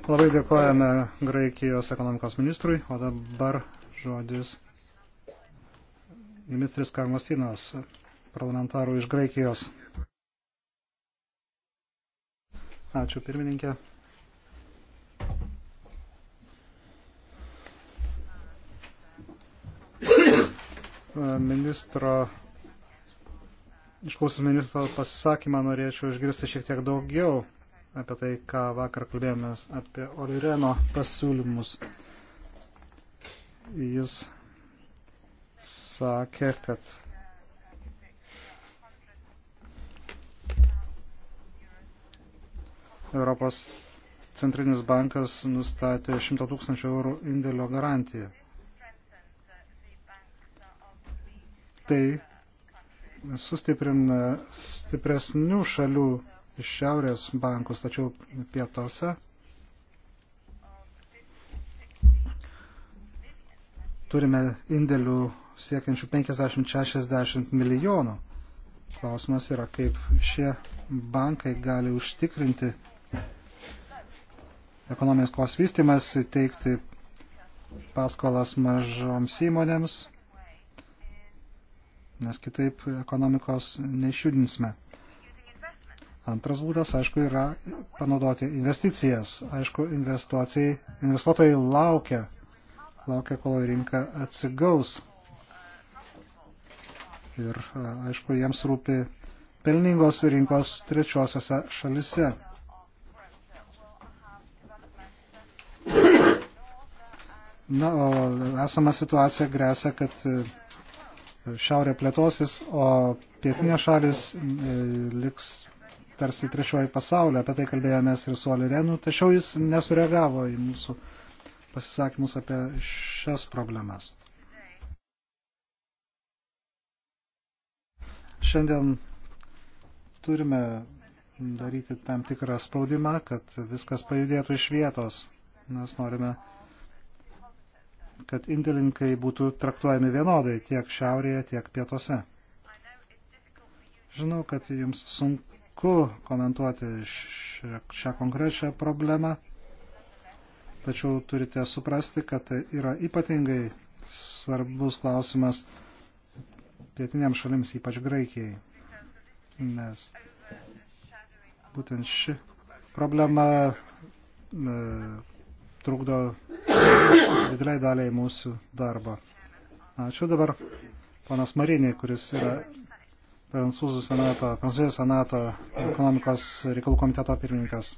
Labai dėkojame Graikijos ekonomikos ministrui, o dabar žodis ministris Karmastinos parlamentarų iš Graikijos. Ačiū pirmininkė. Ministro, išklausus ministro pasisakymą norėčiau išgirsti šiek tiek daugiau apie tai, ką vakar kalbėjomės apie Olireno pasiūlymus. Jis sakė, kad Europos centrinis bankas nustatė 100 tūkstančių eurų indėlio garantiją. Tai sustiprina stipresnių šalių iš šiaurės bankus, tačiau pietose turime indėlių siekiančių 50-60 milijonų. Klausimas yra, kaip šie bankai gali užtikrinti ekonomikos vystimas, teikti paskolas mažoms įmonėms, nes kitaip ekonomikos neišjudinsime. Antras būdas, aišku, yra panaudoti investicijas. Aišku, investuotojai laukia, laukia, kol rinka atsigaus. Ir, aišku, jiems rūpi pelningos rinkos trečiosiose šalise. Na, o esama situacija grėsia, kad e, šiaurė plėtosis, o pietinė šalis e, liks tarsi trečioji pasaulio. Apie tai kalbėjomės ir su Alirenu, tačiau jis nesureagavo į mūsų pasisakymus apie šias problemas. Šiandien turime daryti tam tikrą spaudimą, kad viskas pajudėtų iš vietos, nes norime kad indėlinkai būtų traktuojami vienodai tiek šiaurėje, tiek pietuose. Žinau, kad jums sunku komentuoti šią, šią konkrečią problemą, tačiau turite suprasti, kad tai yra ypatingai svarbus klausimas pietiniams šalims, ypač Graikijai, nes būtent ši problema e, trukdo dideliai daliai mūsų darbo. Ačiū dabar panas Marinį, kuris yra Prancūzų senato, Prancūzijos senato ekonomikos reikalų komiteto pirmininkas.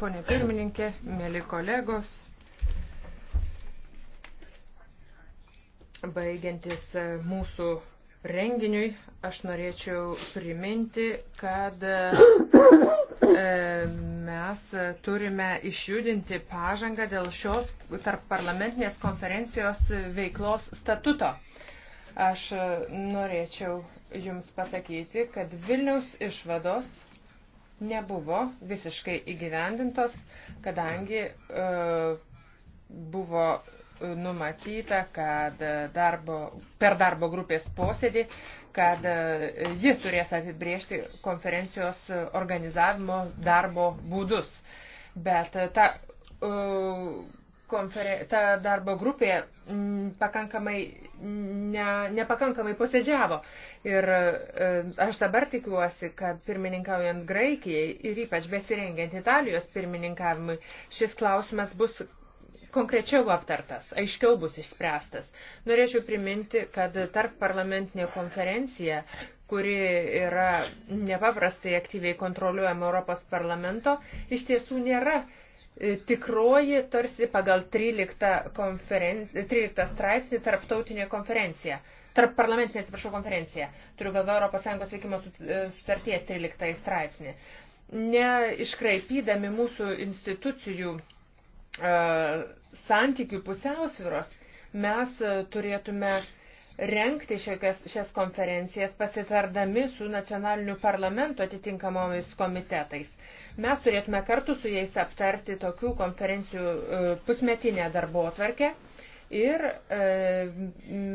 Pone pirmininkė, mėly kolegos, baigiantis mūsų renginiui, aš norėčiau priminti, kad E, mes turime išjudinti pažangą dėl šios tarp parlamentinės konferencijos veiklos statuto. Aš norėčiau Jums pasakyti, kad Vilniaus išvados nebuvo visiškai įgyvendintos, kadangi e, buvo numatyta, kad darbo, per darbo grupės posėdį kad e, ji turės apibriežti konferencijos organizavimo darbo būdus. Bet e, ta, e, konferen... ta darbo grupė pakankamai, ne, nepakankamai posėdžiavo. Ir aš dabar tikiuosi, kad pirmininkaujant Graikijai ir ypač besirengiant Italijos pirmininkavimui, šis klausimas bus konkrečiau aptartas, aiškiau bus išspręstas. Norėčiau priminti, kad tarp parlamentinė konferencija, kuri yra nepaprastai aktyviai kontroliuojama Europos parlamento, iš tiesų nėra e, tikroji tarsi pagal 13, konferen... 13 straipsnį tarptautinė konferencija. Tarp parlamentinė, atsiprašau, konferencija. Turiu galvą ES veikimo e, sutarties 13 straipsnį. Neiškraipydami mūsų institucijų E, santykių pusiausviros, mes e, turėtume renkti šiokias, šias konferencijas pasitardami su nacionaliniu parlamentu atitinkamomis komitetais. Mes turėtume kartu su jais aptarti tokių konferencijų e, pusmetinę darbo atvarkę ir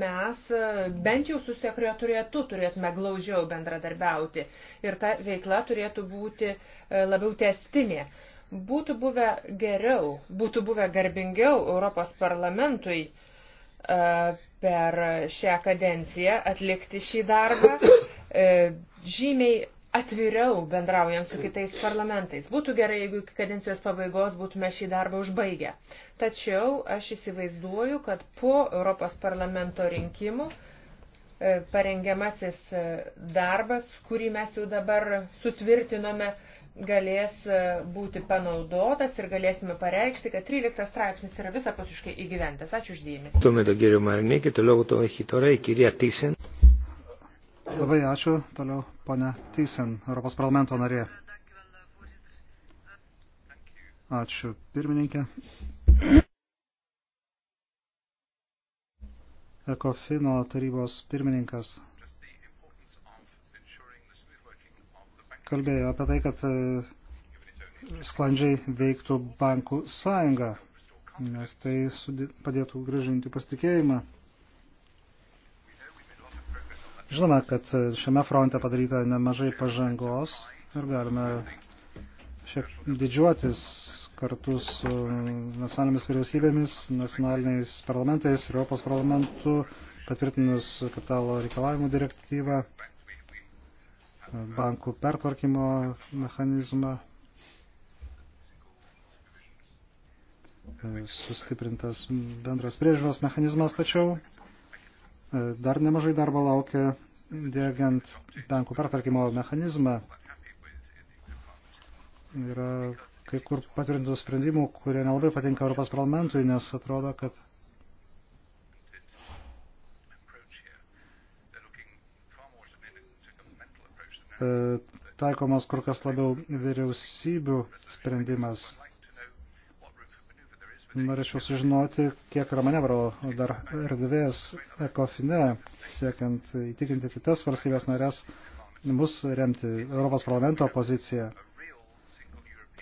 mes bent jau su sekretorietu turėtume glaužiau bendradarbiauti ir ta veikla turėtų būti labiau testinė. Būtų buvę geriau, būtų buvę garbingiau Europos parlamentui e, per šią kadenciją atlikti šį darbą e, žymiai atviriau bendraujant su kitais parlamentais. Būtų gerai, jeigu iki kadencijos pabaigos būtume šį darbą užbaigę. Tačiau aš įsivaizduoju, kad po Europos parlamento rinkimų e, parengiamasis darbas, kurį mes jau dabar sutvirtinome, galės e, būti panaudotas ir galėsime pareikšti, kad 13 straipsnis yra visapusiškai įgyventas. Ačiū uždėjimis. Labai ačiū. Toliau ponia Tysen, Europos parlamento narė. Ačiū pirmininkė. Ekofino tarybos pirmininkas kalbėjo apie tai, kad e, sklandžiai veiktų bankų sąjunga, nes tai padėtų gražinti pasitikėjimą. Žinome, kad e, šiame fronte padaryta nemažai pažangos ir galime šiek didžiuotis kartu su nacionalinėmis vyriausybėmis, nacionaliniais parlamentais, Europos parlamentu, patvirtinus kapitalo reikalavimų direktyvą bankų pertvarkymo mechanizmą, sustiprintas bendras priežiūros mechanizmas, tačiau e, dar nemažai darbo laukia dėgiant bankų pertvarkymo mechanizmą. Yra kai kur patvirtintų sprendimų, kurie nelabai patinka Europos parlamentui, nes atrodo, kad E, taikomas kur kas labiau vyriausybių sprendimas. Norėčiau sužinoti, kiek yra manevro dar erdvės ekofine, siekiant įtikinti kitas valstybės narės mus remti Europos parlamento poziciją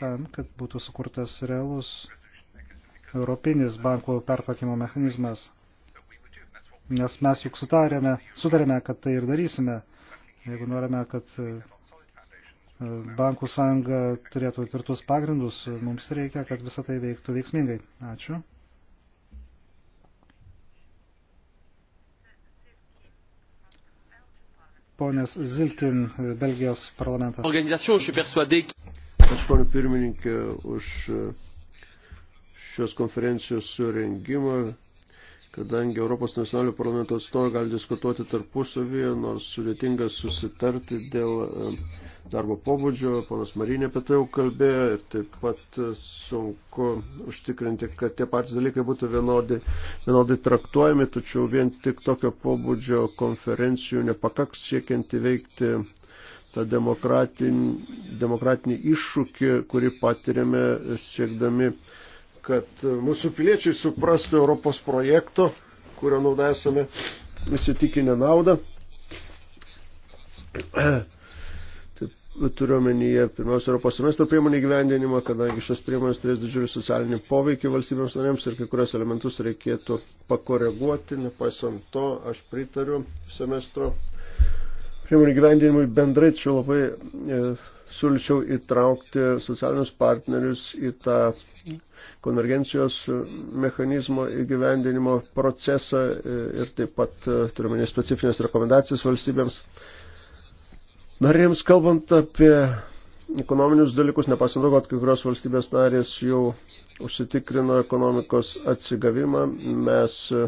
tam, kad būtų sukurtas realus europinis bankų pertvarkymo mechanizmas. Nes mes juk sutarėme, sutarėme, kad tai ir darysime. Jeigu norime, kad e, bankų sąjunga turėtų tvirtus pagrindus, mums reikia, kad visą tai veiktų veiksmingai. Ačiū. Ponės Zilkin, Belgijos parlamentas. Aš, ponė pirmininkė, už e, šios konferencijos surengimą kadangi Europos nacionalinio parlamento atstovai gali diskutuoti tarpusavyje, nors sudėtinga susitarti dėl e, darbo pobūdžio, panas Marinė apie tai jau kalbėjo ir taip pat sunku užtikrinti, kad tie patys dalykai būtų vienodai, vienodai traktuojami, tačiau vien tik tokio pobūdžio konferencijų nepakaks siekiant įveikti tą demokratinį, demokratinį iššūkį, kurį patiriame siekdami kad mūsų piliečiai suprastų Europos projekto, kurio naudą esame įsitikinę naudą. Taip turiuomenyje pirmiausia Europos semestro priemonių gyvendinimą, kadangi šios priemonės turės didžiulį socialinį poveikį valstybėms narėms ir kai kurios elementus reikėtų pakoreguoti. Nepaisant to, aš pritariu semestro priemonių gyvendinimui bendrai, tačiau labai e, siūlyčiau įtraukti socialinius partnerius į tą konvergencijos mechanizmo įgyvendinimo procesą ir taip pat e, turime specifines rekomendacijas valstybėms. Narėms kalbant apie ekonominius dalykus, nepasinau, kad kai kurios valstybės narės jau užsitikrino ekonomikos atsigavimą, mes e,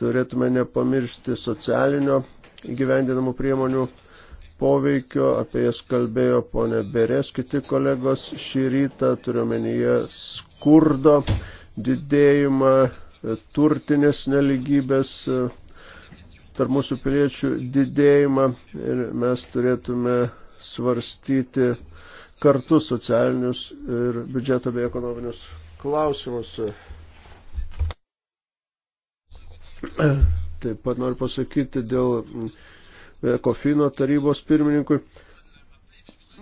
turėtume nepamiršti socialinio įgyvendinamų priemonių poveikio, apie jas kalbėjo ponė Berės, kiti kolegos šį rytą, turiuomenyje skurdo didėjimą, turtinės neligybės tarp mūsų piliečių didėjimą ir mes turėtume svarstyti kartu socialinius ir biudžeto bei ekonominius klausimus. Taip pat noriu pasakyti dėl Kofino tarybos pirmininkui.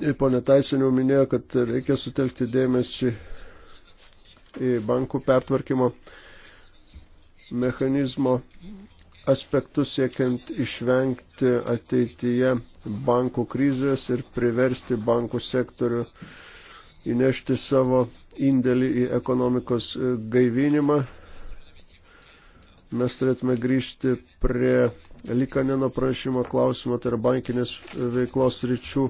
Ir ponė Taisinė minėjo, kad reikia sutelkti dėmesį į bankų pertvarkymo mechanizmo aspektus siekiant išvengti ateityje bankų krizės ir priversti bankų sektorių įnešti savo indėlį į ekonomikos gaivinimą. Mes turėtume grįžti prie Likanino prašymo klausimą, tai yra bankinės veiklos ryčių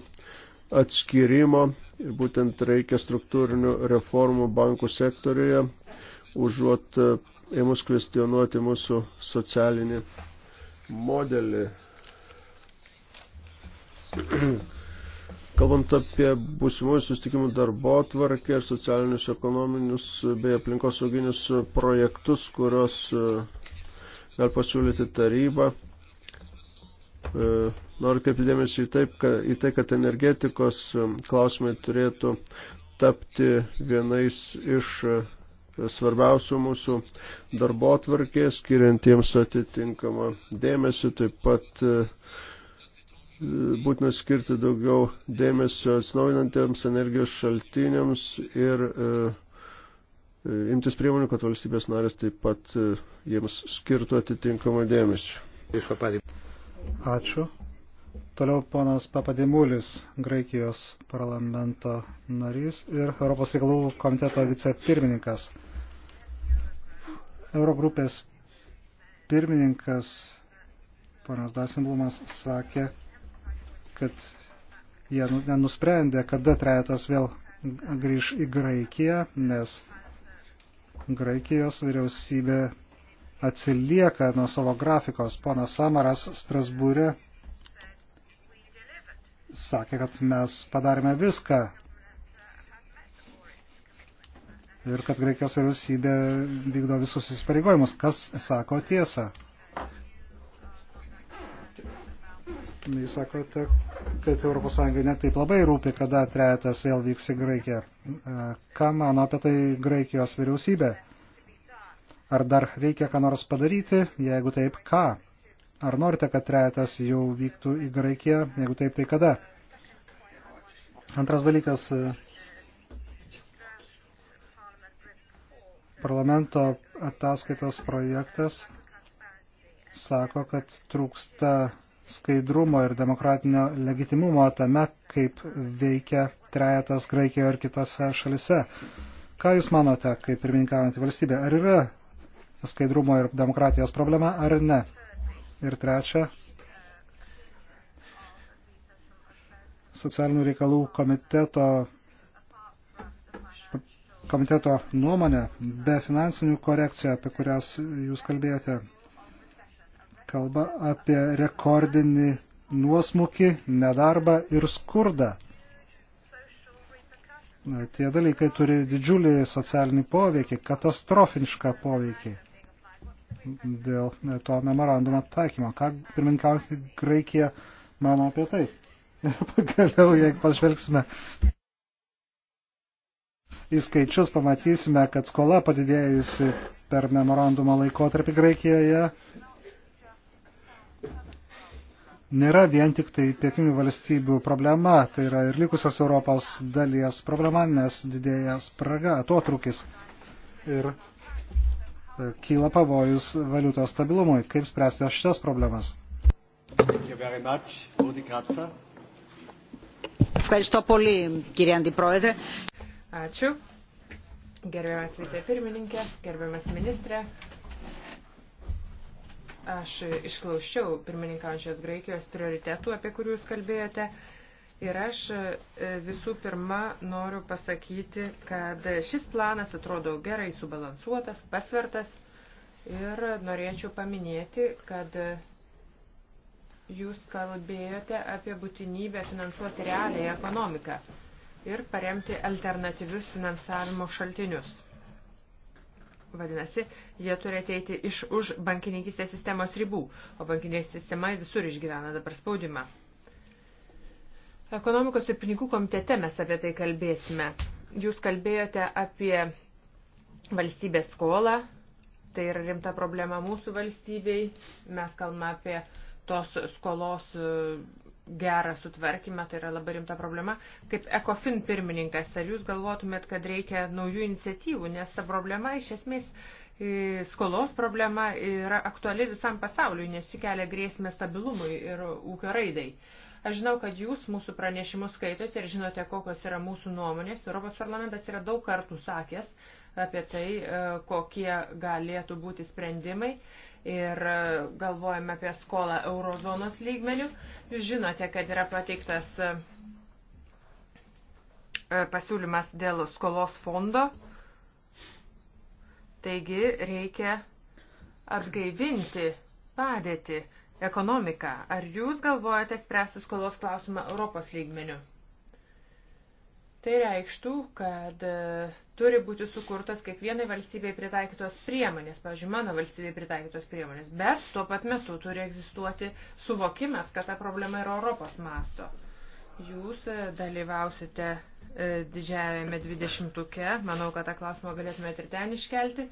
atskirimo. Ir būtent reikia struktūrinių reformų bankų sektorijoje, užuot e, ėmus kvestionuoti mūsų socialinį modelį. Kalbant apie būsimųjų sustikimų darbo tvarkę ir socialinius, ekonominius bei aplinkosauginius projektus, kurios e, gali pasiūlyti taryba, E, noriu kaip dėmesį į, taip, ka, į tai, kad energetikos e, klausimai turėtų tapti vienais iš e, svarbiausių mūsų darbo atvarkės, skiriantiems atitinkamą dėmesį, taip pat būtina skirti daugiau dėmesio atsinaujinantiems energijos šaltiniams ir e, imtis priemonių, kad valstybės narės taip pat jiems skirtų atitinkamą dėmesį. Ačiū. Toliau ponas Papadimulis, Graikijos parlamento narys ir Europos reikalų komiteto vicepirmininkas. Eurogrupės pirmininkas ponas Dasimblumas sakė, kad jie nu- nenusprendė, kada trejetas vėl grįž į Graikiją, nes Graikijos vyriausybė atsilieka nuo savo grafikos. Ponas Samaras Strasbūrė sakė, kad mes padarėme viską ir kad Graikijos vyriausybė vykdo visus įsipareigojimus. Kas sako tiesą? Jūs sakote, kad ES netaip labai rūpi, kada trejetas vėl vyks į Graikiją. Ką mano apie tai Graikijos vyriausybė? Ar dar reikia ką nors padaryti? Jeigu taip, ką? Ar norite, kad trejetas jau vyktų į Graikiją? Jeigu taip, tai kada? Antras dalykas. Parlamento ataskaitos projektas sako, kad trūksta skaidrumo ir demokratinio legitimumo tame, kaip veikia trejetas Graikijoje ir kitose šalise. Ką Jūs manote, kaip pirmininkaujantį valstybę, ar yra skaidrumo ir demokratijos problema ar ne. Ir trečia, socialinių reikalų komiteto, komiteto nuomonė be finansinių korekcijų, apie kurias jūs kalbėjote, kalba apie rekordinį nuosmukį, nedarbą ir skurdą. Tie dalykai turi didžiulį socialinį poveikį, katastrofinišką poveikį dėl e, to memorandumo taikymo. Ką pirmininkaujantį Graikiją mano apie tai? Ir pagaliau, jeigu pažvelgsime į skaičius, pamatysime, kad skola padidėjusi per memorandumo laikotarpį Graikijoje nėra vien tik tai pietinių valstybių problema, tai yra ir likusios Europos dalies problema, nes didėja spraga, atotrukis. Ir E, kyla pavojus valiutos stabilumui. Kaip spręsti šitas problemas? Ačiū. Gerbiamas vicepirmininkė, gerbiamas ministrė. Aš išklausiau pirmininkaujančios Graikijos prioritetų, apie kurių jūs kalbėjote. Ir aš e, visų pirma noriu pasakyti, kad šis planas atrodo gerai subalansuotas, pasvertas ir norėčiau paminėti, kad jūs kalbėjote apie būtinybę finansuoti realiai ekonomiką ir paremti alternatyvius finansavimo šaltinius. Vadinasi, jie turi ateiti iš už bankininkistės sistemos ribų, o bankininkistės sistema visur išgyvena dabar spaudimą. Ekonomikos ir pinigų komitete mes apie tai kalbėsime. Jūs kalbėjote apie valstybės skolą, tai yra rimta problema mūsų valstybei. Mes kalbame apie tos skolos e, gerą sutvarkymą, tai yra labai rimta problema. Kaip ECOFIN pirmininkas, ar jūs galvotumėt, kad reikia naujų iniciatyvų, nes ta problema iš esmės e, skolos problema yra aktuali visam pasauliu, nes ji kelia grėsmę stabilumui ir ūkio raidai. Uh, Aš žinau, kad jūs mūsų pranešimus skaitote ir žinote, kokios yra mūsų nuomonės. Europos parlamentas yra daug kartų sakęs apie tai, e, kokie galėtų būti sprendimai ir e, galvojame apie skolą eurozonos lygmenių. Jūs žinote, kad yra pateiktas e, pasiūlymas dėl skolos fondo. Taigi reikia atgaivinti padėtį ekonomiką. Ar jūs galvojate spręsti skolos klausimą Europos lygmeniu? Tai reikštų, kad e, turi būti sukurtos kiekvienai valstybei pritaikytos priemonės, pavyzdžiui, mano valstybei pritaikytos priemonės, bet tuo pat metu turi egzistuoti suvokimas, kad ta problema yra Europos masto. Jūs e, dalyvausite e, didžiajame dvidešimtuke, manau, kad tą klausimą galėtumėte ir ten iškelti.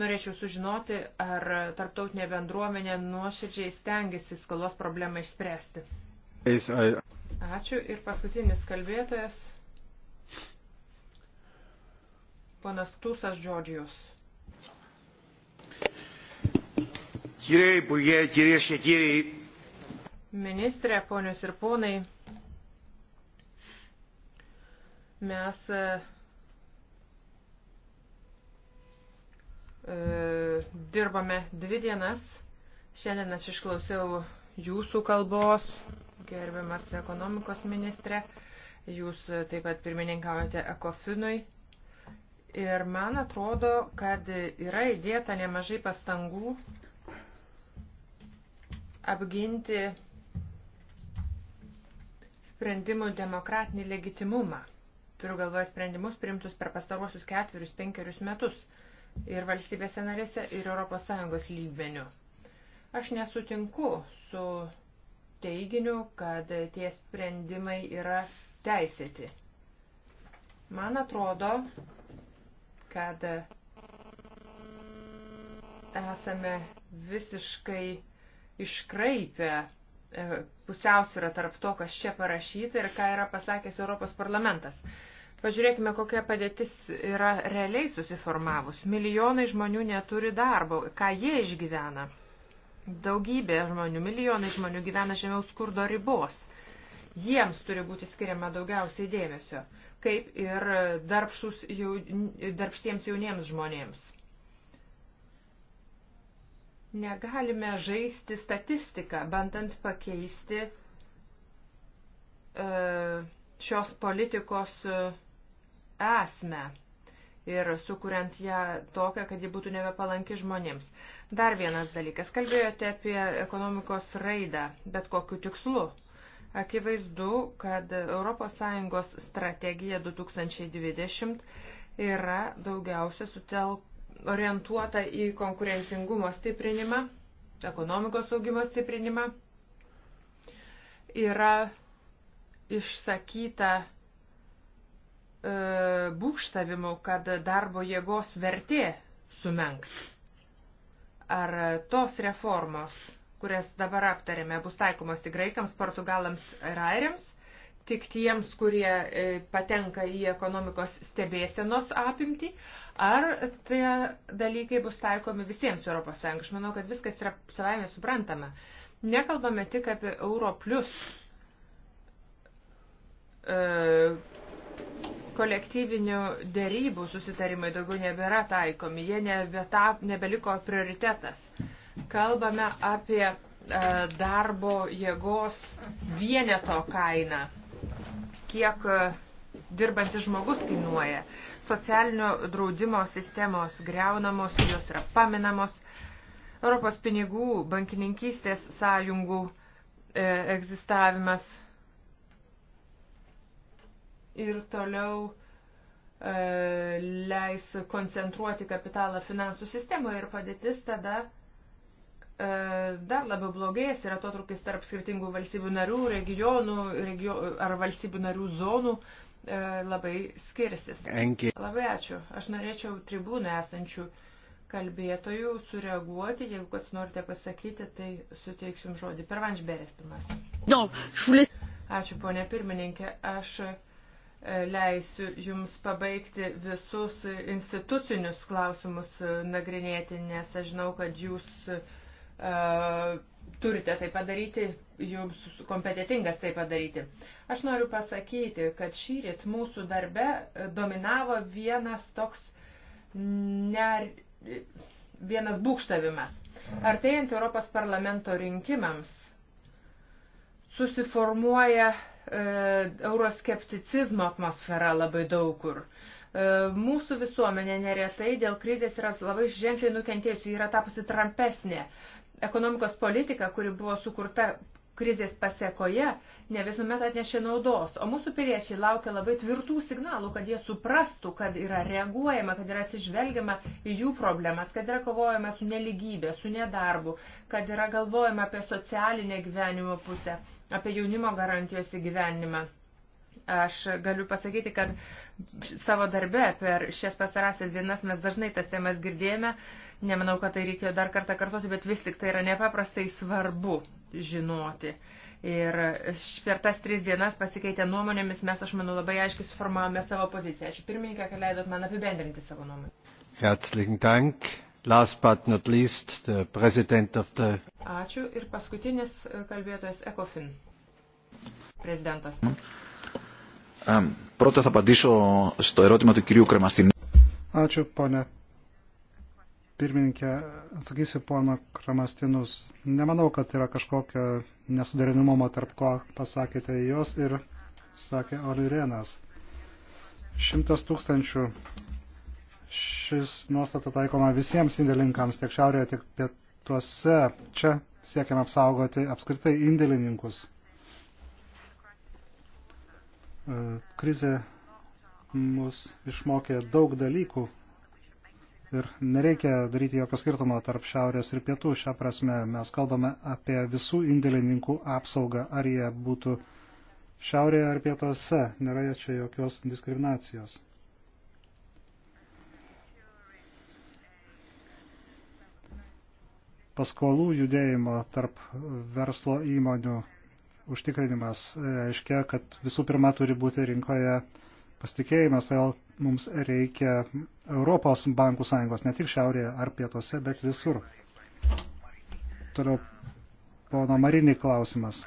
Norėčiau sužinoti, ar tarptautinė bendruomenė nuoširdžiai stengiasi skolos problemą išspręsti. Ačiū. Ir paskutinis kalbėtojas, ponas Tūsas Džodžius. Kyriai, pugie, kyrie, šekyriai. Ministrė, ponios ir ponai, mes E, dirbame dvi dienas. Šiandien aš išklausiau jūsų kalbos, gerbiamas ekonomikos ministrė. Jūs e, taip pat pirmininkaujate Ekofinui. Ir man atrodo, kad yra įdėta nemažai pastangų apginti sprendimų demokratinį legitimumą. Turiu galvoje sprendimus priimtus per pastaruosius ketverius, penkerius metus. Uh, ir valstybėse narėse, ir ES lygmenių. Aš nesutinku su teiginiu, kad tie sprendimai yra teisėti. Man atrodo, kad esame visiškai iškraipę e, pusiausvyrą tarp to, kas čia parašyta ir ką yra pasakęs Europos parlamentas. Pažiūrėkime, kokia padėtis yra realiai susiformavus. Milijonai žmonių neturi darbo. Ką jie išgyvena? Daugybė žmonių, milijonai žmonių gyvena žemiau skurdo ribos. Jiems turi būti skiriama daugiausiai dėmesio, kaip ir jau, darbštiems jauniems žmonėms. Negalime žaisti statistiką, bandant pakeisti uh, šios politikos uh, esmę ir sukuriant ją tokią, kad ji būtų nebepalanki žmonėms. Dar vienas dalykas. Kalbėjote apie ekonomikos raidą, bet kokiu tikslu. Akivaizdu, kad ES strategija 2020 yra daugiausia sutel orientuota į konkurencingumo stiprinimą, ekonomikos augimo stiprinimą. Yra išsakyta E, būkštavimų, kad darbo jėgos vertė sumenks. Ar tos reformos, kurias dabar aptarėme, bus taikomos tik graikams, portugalams ir airiams, tik tiems, kurie e, patenka į ekonomikos stebėsenos apimtį, ar tie dalykai bus taikomi visiems ES. Aš manau, kad viskas yra savaime suprantama. Nekalbame tik apie Euro plus e, kolektyvinių dėrybų susitarimai daugiau nebėra taikomi, jie nebeta, nebeliko prioritetas. Kalbame apie e, darbo jėgos vieneto kainą, kiek e, dirbantis žmogus kainuoja. Socialinio draudimo sistemos greunamos, jos yra paminamos. Europos pinigų bankininkystės sąjungų e, egzistavimas ir toliau e, leis koncentruoti kapitalą finansų sistemoje ir padėtis tada e, dar labiau blogės yra atotrukis tarp skirtingų valstybių narių, regionų regio, ar valstybių narių zonų e, labai skirsis. Labai ačiū. Aš norėčiau tribūną esančių kalbėtojų sureaguoti. Jeigu kas norite pasakyti, tai suteiksim žodį. Per Vanžberės pirmas. No, šulė... Ačiū, ponė pirmininkė. Aš leisiu Jums pabaigti visus institucinius klausimus nagrinėti, nes aš žinau, kad Jūs uh, turite tai padaryti, Jums kompetitingas tai padaryti. Aš noriu pasakyti, kad šyrit mūsų darbe dominavo vienas toks ner... vienas būkštavimas. Artėjant Europos parlamento rinkimams susiformuoja uh, E, euroskepticizmo atmosfera labai daug kur. E, mūsų visuomenė neretai dėl krizės yra labai ženkliai nukentėjusi, yra tapusi trampesnė. Ekonomikos politika, kuri buvo sukurta krizės pasiekoje ne visuomet atnešė naudos, o mūsų piliečiai laukia labai tvirtų signalų, kad jie suprastų, kad yra reaguojama, kad yra atsižvelgiama į jų problemas, kad yra kovojama su neligybė, su nedarbu, kad yra galvojama apie socialinę gyvenimo pusę, apie jaunimo garantijos įgyvenimą. Aš galiu pasakyti, kad savo darbe per šias pasarasias dienas mes dažnai tas temas girdėjome. Nemanau, kad tai reikėjo dar kartą kartoti, bet vis tik tai yra nepaprastai svarbu žinoti. Ir per tas tris dienas pasikeitę nuomonėmis mes, aš manau, labai aiškiai suformavome savo poziciją. Ačiū pirmininkė, kad leidot man apibendrinti savo nuomonę. Herzlichen Dank. Last but not least, the president of the... Ačiū. Ir paskutinis e, kalbėtojas Ekofin. Prezidentas. Um, πρώτα θα απαντήσω στο ερώτημα του κυρίου Κρεμαστινού. Ačiū, ponė pirmininkė, atsakysiu pono Kramastinus. Nemanau, kad yra kažkokio nesudarinumo tarp ko pasakėte jos ir sakė Olirenas. Šimtas tūkstančių. Šis nuostata taikoma visiems indėlinkams tiek šiaurėje, tiek pietuose. Čia siekiam apsaugoti apskritai indėlininkus. Krize mus išmokė daug dalykų, ir nereikia daryti jokio skirtumo tarp šiaurės ir pietų. Šią prasme mes kalbame apie visų indėlininkų apsaugą, ar jie būtų šiaurėje ar pietuose. Nėra čia jokios diskriminacijos. Paskolų judėjimo tarp verslo įmonių užtikrinimas reiškia, kad visų pirma turi būti rinkoje pasitikėjimas, todėl mums reikia Europos bankų sąjungos, ne tik šiaurėje ar pietuose, bet visur. Toliau pono Marinį klausimas.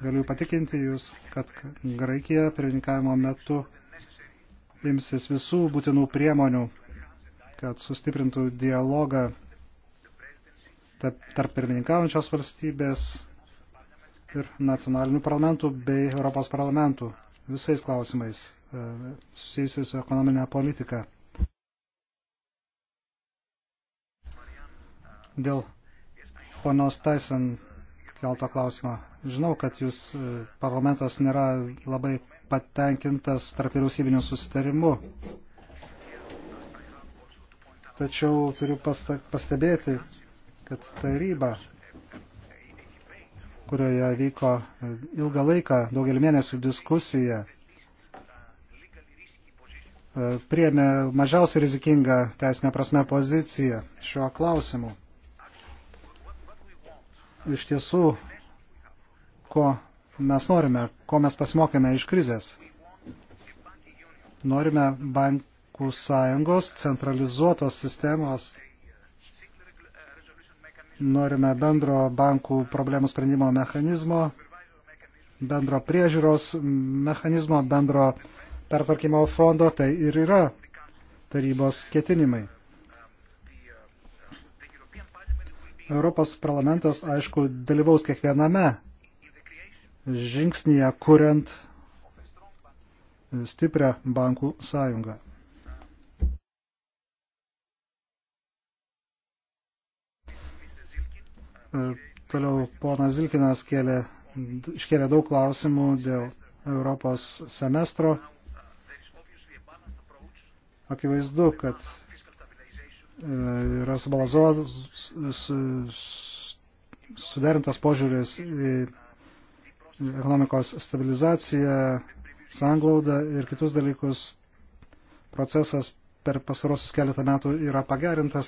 Galiu patikinti Jūs, kad Graikija pirmininkavimo metu imsis visų būtinų priemonių, kad sustiprintų dialogą tarp pirmininkaujančios valstybės ir nacionalinių parlamentų bei Europos parlamentų visais klausimais, E, susijusi su ekonominė politika. Dėl ponios Tyson kelto klausimo. Žinau, kad jūs e, parlamentas nėra labai patenkintas tarp vyriausybinių susitarimų. Tačiau turiu pastebėti, kad taryba, kurioje vyko e, ilgą laiką, daugelį mėnesių diskusija, priemė mažiausiai rizikingą teisinę prasme poziciją šiuo klausimu. Iš tiesų, ko mes norime, ko mes pasimokėme iš krizės. Norime bankų sąjungos, centralizuotos sistemos, norime bendro bankų problemų sprendimo mechanizmo, bendro priežiūros mechanizmo, bendro uh, pertvarkymo fondo, tai ir yra tarybos ketinimai. Europos parlamentas, aišku, dalyvaus kiekviename žingsnėje, kuriant stiprią bankų sąjungą. Toliau ponas Zilkinas kėlė, iškėlė daug klausimų dėl Europos semestro Akivaizdu, kad e, yra suderintas požiūris į ekonomikos stabilizaciją, sanglaudą ir kitus dalykus. Procesas per pasarosius keletą metų yra pagerintas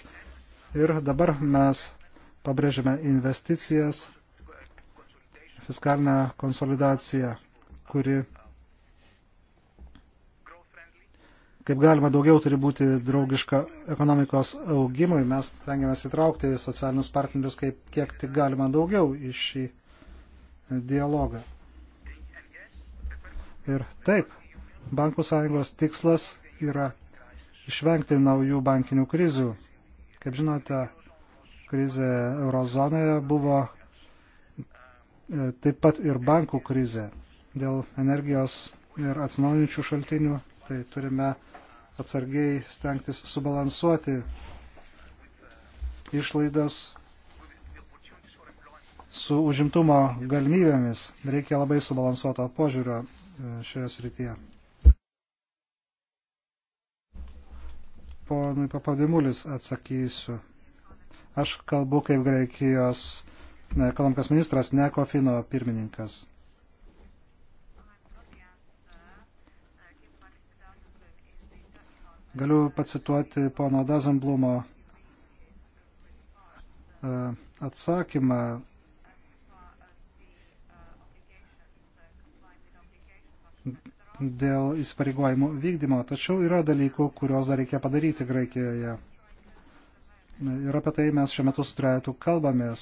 ir dabar mes pabrėžiame investicijas, fiskalinę konsolidaciją, kuri kaip galima daugiau turi būti draugiška ekonomikos augimui. Mes tengiamės įtraukti socialinius partnerius kaip kiek tik galima daugiau į šį dialogą. Ir taip, bankų sąjungos tikslas yra išvengti naujų bankinių krizių. Kaip žinote, krizė eurozonoje buvo e, taip pat ir bankų krizė dėl energijos ir atsinaujinčių šaltinių. Tai turime uh, atsargiai stengtis subalansuoti išlaidas su užimtumo galimybėmis. Reikia labai subalansuoto požiūrio e, šioje srityje. Ponui Papadimulis atsakysiu. Aš kalbu kaip Graikijos ekonomikos ministras, ne Kofino pirmininkas. Galiu pacituoti pono Dazamblumo e, atsakymą dėl įsipareigojimų vykdymo, tačiau yra dalykų, kuriuos dar reikia padaryti Graikijoje. Ir apie tai mes šiuo metu su trejetu kalbamės.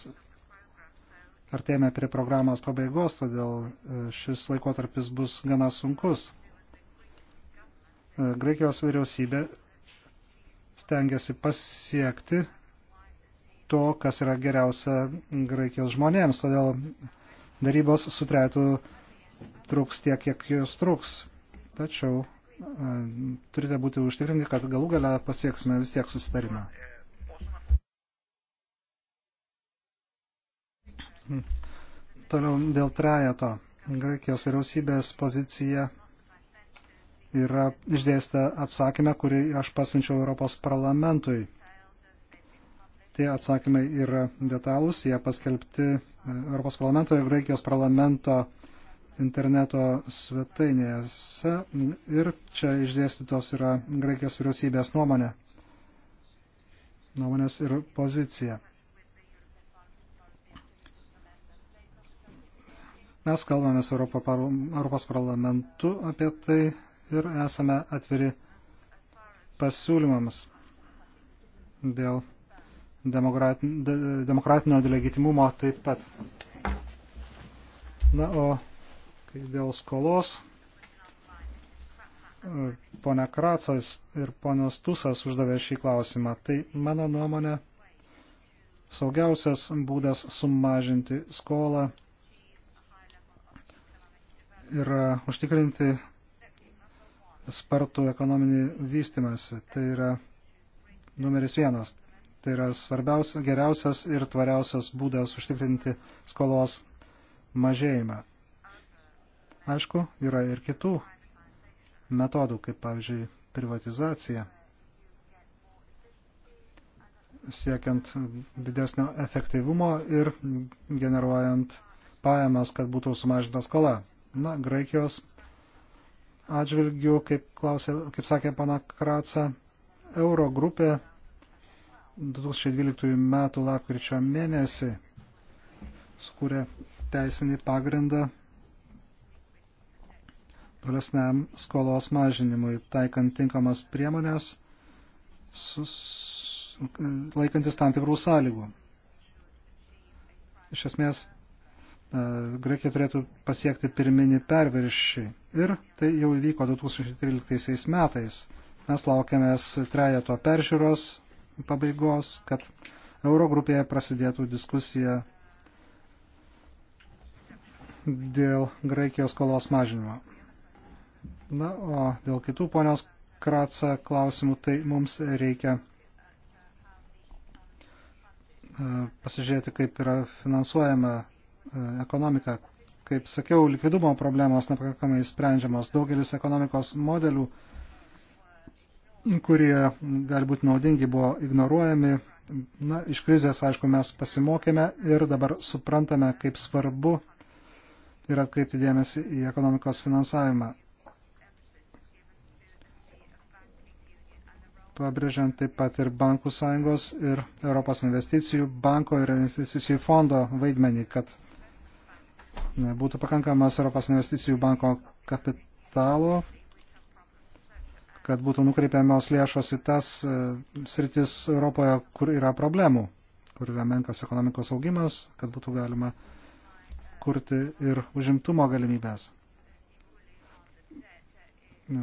Artėjame prie programos pabaigos, todėl e, šis laikotarpis bus gana sunkus. E, Graikijos vyriausybė stengiasi pasiekti to, kas yra geriausia Graikijos žmonėms. Todėl darybos su tretu truks tiek, kiek jos truks. Tačiau e, turite būti užtikrinti, kad galų gale pasieksime vis tiek susitarimą. Hm. Toliau dėl trejato. Graikijos vyriausybės pozicija yra išdėstę atsakymę, kurį aš pasiunčiau Europos parlamentui. Tie atsakymai yra detalūs, jie paskelbti e, Europos parlamento ir Graikijos parlamento interneto svetainėse ir čia išdėstytos yra Graikijos vyriausybės nuomonė, nuomonės ir pozicija. Mes kalbame su Europos parlamentu apie tai ir esame atviri pasiūlymams dėl demokratinio delegitimumo taip pat. Na, o kai dėl skolos, ponia Kracas ir ponios Tusas uždavė šį klausimą, tai mano nuomonė saugiausias būdas sumažinti skolą yra užtikrinti spartų ekonominį vystimąsi. Tai yra numeris vienas. Tai yra svarbiausias, geriausias ir tvariausias būdas užtikrinti skolos mažėjimą. Aišku, yra ir kitų metodų, kaip pavyzdžiui privatizacija, siekiant didesnio efektyvumo ir generuojant pajamas, kad būtų sumažinta skola. Na, Graikijos atžvilgių, kaip, klausė, kaip sakė pana Kratsa, euro grupė 2012 m. lapkričio mėnesį sukūrė teisinį pagrindą tolesniam skolos mažinimui, taikant tinkamas priemonės, sus, laikantis tam tikrų sąlygų. Iš esmės, E, Graikija turėtų pasiekti pirminį perviršį. Ir tai jau vyko 2013 metais. Mes laukiamės trejato peržiūros pabaigos, kad Eurogrupėje prasidėtų diskusija dėl Graikijos skolos mažinimo. Na, o dėl kitų ponios Kratsa klausimų, tai mums reikia e, pasižiūrėti, kaip yra finansuojama E, ekonomiką. Kaip sakiau, likvidumo problemos nepakankamai sprendžiamos. Daugelis ekonomikos modelių, kurie gali būti naudingi, buvo ignoruojami. Na, iš krizės, aišku, mes pasimokėme ir dabar suprantame, kaip svarbu yra atkreipti dėmesį į ekonomikos finansavimą. pabrėžiant taip pat ir bankų sąjungos ir Europos investicijų banko ir investicijų fondo vaidmenį, kad būtų pakankamas Europos investicijų banko kapitalo, kad būtų nukreipiamos lėšos į tas e, sritis Europoje, kur yra problemų, kur yra menkas ekonomikos augimas, kad būtų galima kurti ir užimtumo galimybės. E,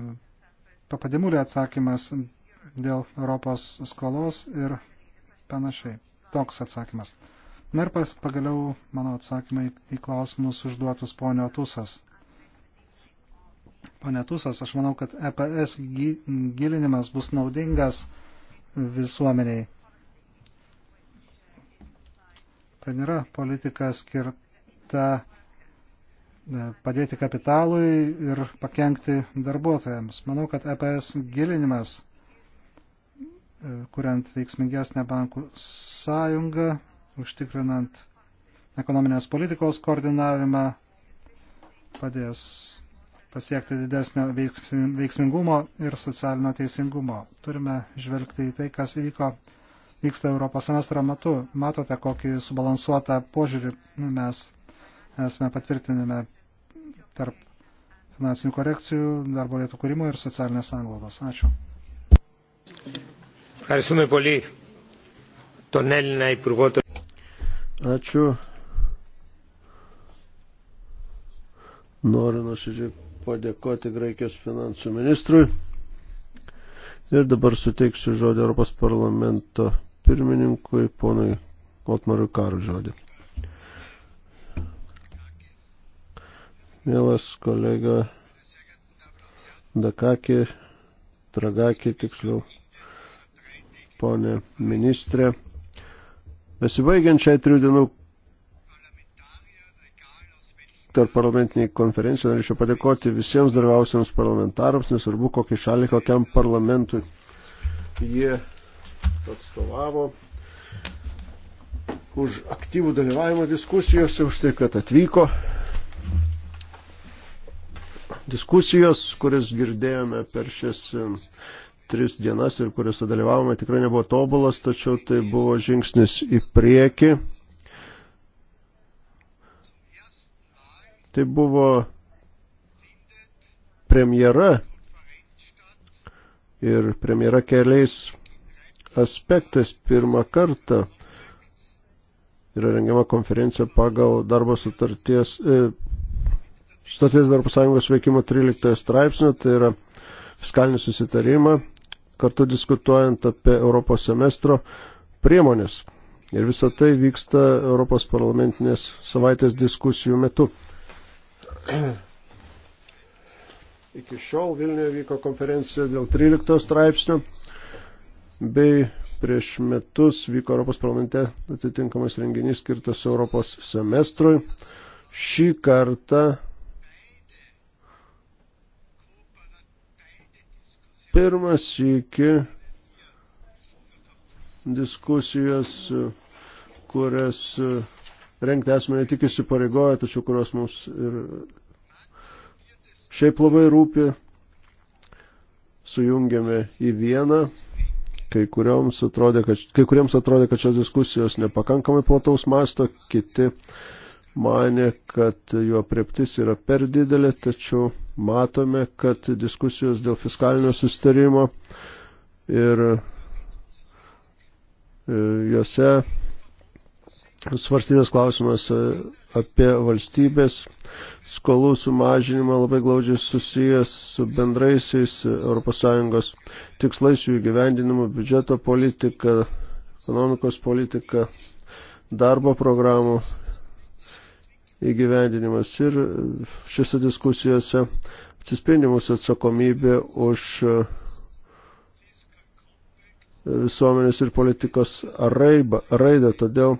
Papadimulė atsakymas dėl Europos skolos ir panašiai. Toks atsakymas. Na ir pas, pagaliau mano atsakymai į klausimus užduotus ponio Tusas. Pane Tusas, aš manau, kad EPS gilinimas bus naudingas visuomeniai. Tai nėra politika skirta e, padėti kapitalui ir pakengti darbuotojams. Manau, kad EPS gilinimas, e, kuriant veiksmingesnę bankų sąjungą, užtikrinant ekonominės politikos koordinavimą, padės pasiekti didesnio veiksmingumo ir socialinio teisingumo. Turime žvelgti į tai, kas įvyko, vyksta Europos semestro metu. Matote, kokį subalansuotą požiūrį mes esame patvirtinime tarp finansinių korekcijų, darbo vietų kūrimo ir socialinės sąnglaudos. Ačiū. Ευχαριστούμε πολύ τον Έλληνα Υπουργό Ačiū. Noriu nuoširdžiai padėkoti Graikijos finansų ministrui. Ir dabar suteiksiu žodį Europos parlamento pirmininkui, ponui Otmarui Karų žodį. Mielas kolega Dakaki, Tragaki tiksliau, ponė ministrė. Besibaigiančiai trijų dienų tarp parlamentiniai konferencijai norėčiau padėkoti visiems dalyvausiams parlamentarams, nesvarbu kokiai šaliai, kokiam parlamentui jie atstovavo už aktyvų dalyvavimą diskusijose, už tai, kad atvyko diskusijos, kuris girdėjome per šias tris dienas ir kuriuose dalyvavome, tikrai nebuvo tobulas, tačiau tai buvo žingsnis į priekį. Tai buvo premjera ir premjera keliais aspektas pirmą kartą yra rengiama konferencija pagal darbo sutarties, e, sutarties darbo sąjungos veikimo 13 straipsnio, tai yra fiskalinį susitarimą kartu diskutuojant apie Europos semestro priemonės. Ir visa tai vyksta Europos parlamentinės savaitės diskusijų metu. Iki šiol Vilniuje vyko konferencija dėl 13 straipsnio, bei prieš metus vyko Europos parlamente atitinkamas renginys skirtas Europos semestrui. Šį kartą Pirmas iki diskusijos, kurias e, rengti esame ne tik įsipareigoję, tačiau kurios mums ir šiaip labai rūpi, sujungėme į vieną. Kai, atrodė, kad, kai kuriems atrodė, kad šios diskusijos nepakankamai plataus masto, kiti mane, kad jo prieptis yra per didelė, tačiau matome, kad diskusijos dėl fiskalinio sustarimo ir e, juose svarstytas klausimas e, apie valstybės skolų sumažinimą labai glaudžiai susijęs su bendraisiais ES tikslais jų įgyvendinimu, biudžeto politika, ekonomikos politika, darbo programų įgyvendinimas. Ir šiose diskusijose atsispindi mūsų atsakomybė už e, visuomenės ir politikos raibą, raidą. Todėl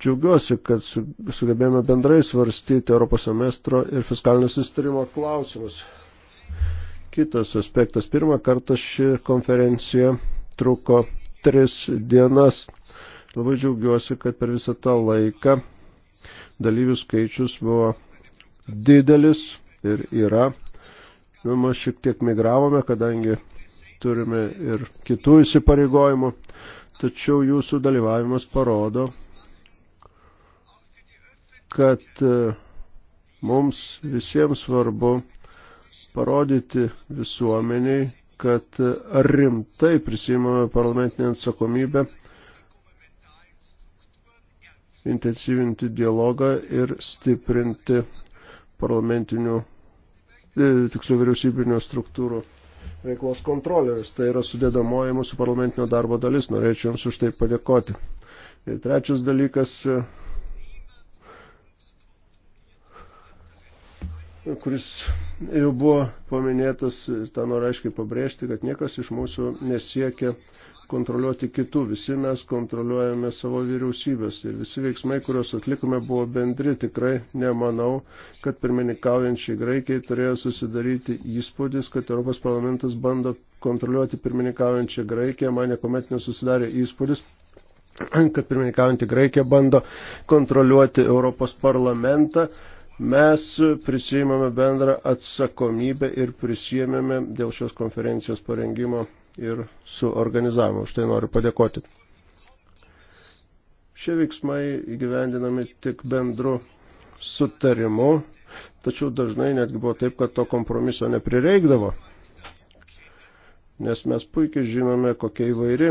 džiaugiuosi, kad sugebėjome bendrai svarstyti Europos semestro ir fiskalinio sustarimo klausimus. Kitas aspektas. Pirmą kartą ši konferencija truko tris dienas. Labai džiaugiuosi, kad per visą tą laiką dalyvių skaičius buvo didelis ir yra. Žinoma, nu, šiek tiek migravome, kadangi turime ir kitų įsipareigojimų, tačiau jūsų dalyvavimas parodo, kad e, mums visiems svarbu parodyti visuomeniai, kad e, rimtai prisimame parlamentinę atsakomybę intensyvinti dialogą ir stiprinti parlamentinių, e, tiksliau vyriausybinio struktūrų veiklos kontrolės. Tai yra sudėdamoji mūsų parlamentinio darbo dalis. Norėčiau Jums už tai padėkoti. Ir trečias dalykas, e, kuris jau buvo paminėtas, tą noriu aiškiai pabrėžti, kad niekas iš mūsų nesiekia kontroliuoti kitų. Visi mes kontroliuojame savo vyriausybės ir visi veiksmai, kuriuos atlikome, buvo bendri. Tikrai nemanau, kad pirmininkaujančiai Graikijai turėjo susidaryti įspūdis, kad Europos parlamentas bando kontroliuoti pirmininkaujančią Graikiją. Man niekuomet nesusidarė įspūdis kad pirmininkaujantį Graikiją bando kontroliuoti Europos parlamentą mes prisijimame bendrą atsakomybę ir prisijėmėme dėl šios konferencijos parengimo ir su organizavimu. Už tai noriu padėkoti. Šie veiksmai įgyvendinami tik bendru sutarimu, tačiau dažnai netgi buvo taip, kad to kompromiso neprireikdavo, nes mes puikiai žinome, kokia įvairi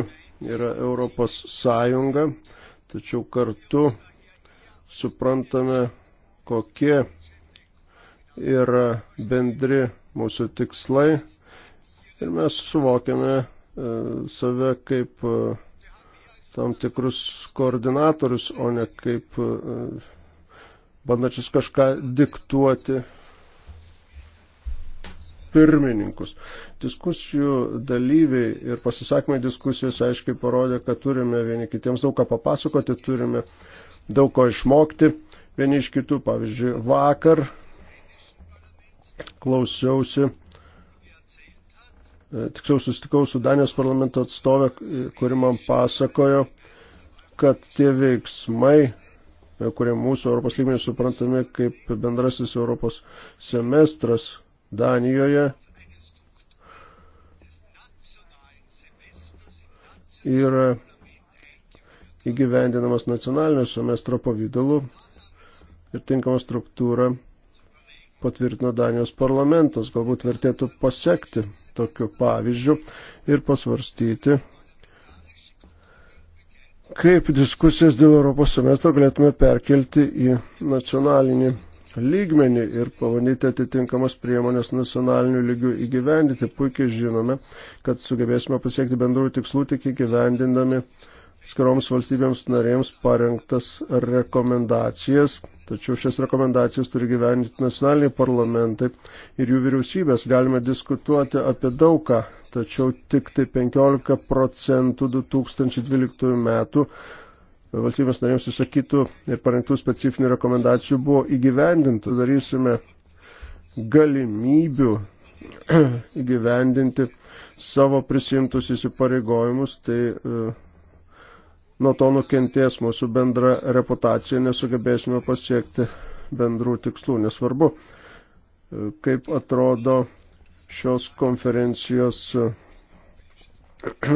yra Europos Sąjunga, tačiau kartu suprantame, kokie yra bendri mūsų tikslai Ir mes suvokiame e, save kaip e, tam tikrus koordinatorius, o ne kaip e, bandačius kažką diktuoti pirmininkus. Diskusijų dalyviai ir pasisakymai diskusijos aiškiai parodė, kad turime vieni kitiems daug ką papasakoti, turime daug ko išmokti vieni iš kitų. Pavyzdžiui, vakar klausiausi E, tiksliau susitikau su Danijos parlamento atstovė, kuri man pasakojo, kad tie veiksmai, e, kurie mūsų Europos lygmenį suprantami kaip bendrasis Europos semestras Danijoje, yra įgyvendinamas nacionalinio semestro pavydalu ir tinkama struktūra patvirtino Danijos parlamentas. Galbūt vertėtų pasiekti tokiu pavyzdžiu ir pasvarstyti, kaip diskusijas dėl Europos semestro galėtume perkelti į nacionalinį lygmenį ir pabandyti atitinkamas priemonės nacionaliniu lygiu įgyvendyti. Puikiai žinome, kad sugebėsime pasiekti bendrų tikslų tik įgyvendindami skiroms valstybėms narėms parengtas rekomendacijas, tačiau šias rekomendacijas turi gyveninti nacionaliniai parlamentai ir jų vyriausybės. Galime diskutuoti apie daugą, tačiau tik tai 15 procentų 2012 metų valstybės narėms įsakytų ir parengtų specifinių rekomendacijų buvo įgyvendintų. Darysime galimybių įgyvendinti savo prisimtus įsipareigojimus, tai uh, nuo to nukentės mūsų bendra reputacija, nesugebėsime pasiekti bendrų tikslų. Nesvarbu, kaip atrodo šios konferencijos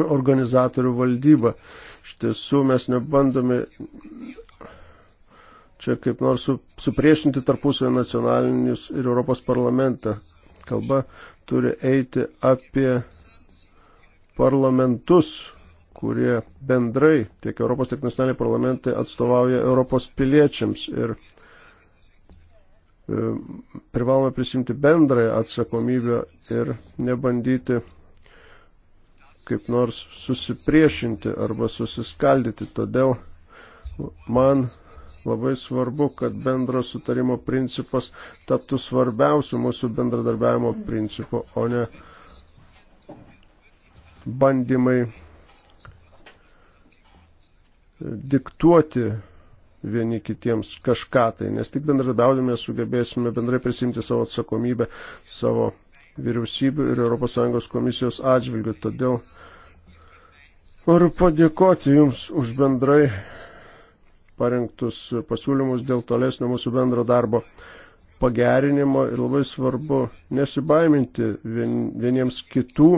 organizatorių valdyba. Štiesų mes nebandome čia kaip nors su, supriešinti tarpusavę nacionalinius ir Europos parlamentą. Kalba turi eiti apie parlamentus, kurie bendrai tiek Europos, tiek nacionaliniai parlamentai atstovauja Europos piliečiams ir e, privalome prisimti bendrąją atsakomybę ir nebandyti kaip nors susipriešinti arba susiskaldyti. Todėl man labai svarbu, kad bendro sutarimo principas taptų svarbiausių mūsų bendradarbiavimo principų, o ne bandymai diktuoti vieni kitiems kažką tai, nes tik bendradaudami sugebėsime bendrai prisimti savo atsakomybę savo vyriausybių ir ES komisijos atžvilgių. Todėl noriu padėkoti Jums už bendrai parengtus pasiūlymus dėl tolesnio mūsų bendro darbo pagerinimo ir labai svarbu nesibaiminti vien, vieniems kitų,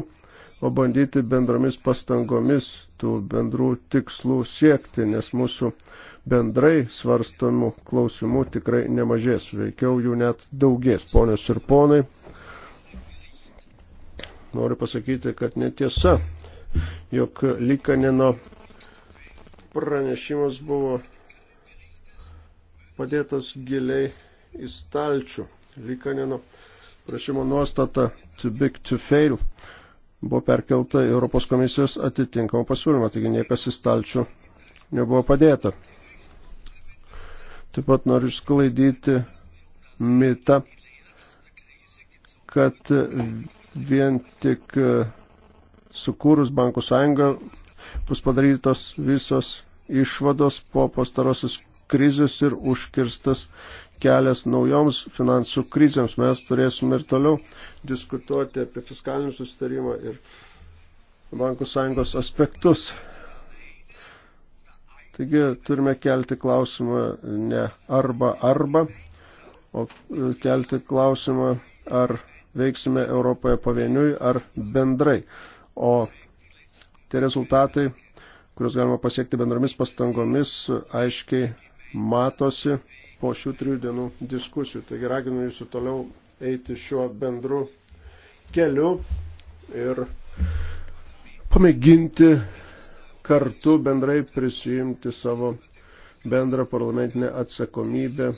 o bandyti bendromis pastangomis tų bendrų tikslų siekti, nes mūsų bendrai svarstomų klausimų tikrai nemažės, veikiau jų net daugės, ponios ir ponai. Noriu pasakyti, kad netiesa, jog Likanino pranešimas buvo padėtas giliai į stalčių. Likanino prašymo nuostata to big to fail buvo perkelta Europos komisijos atitinkamą pasiūlymą, taigi niekas į stalčių nebuvo padėta. Taip pat noriu sklaidyti mitą, kad vien tik sukūrus bankų sąjungą bus padarytos visos išvados po pastarosios krizės ir užkirstas kelias naujoms finansų krizėms. Mes turėsime ir toliau diskutuoti apie fiskalinį sustarimą ir bankų sąjungos aspektus. Taigi turime kelti klausimą ne arba arba, o kelti klausimą ar veiksime Europoje pavieniui ar bendrai. O tie rezultatai, kuriuos galima pasiekti bendromis pastangomis, aiškiai matosi po šių trijų dienų diskusijų. Taigi raginu jūsų toliau eiti šiuo bendru keliu ir pamėginti kartu bendrai prisijimti savo bendrą parlamentinę atsakomybę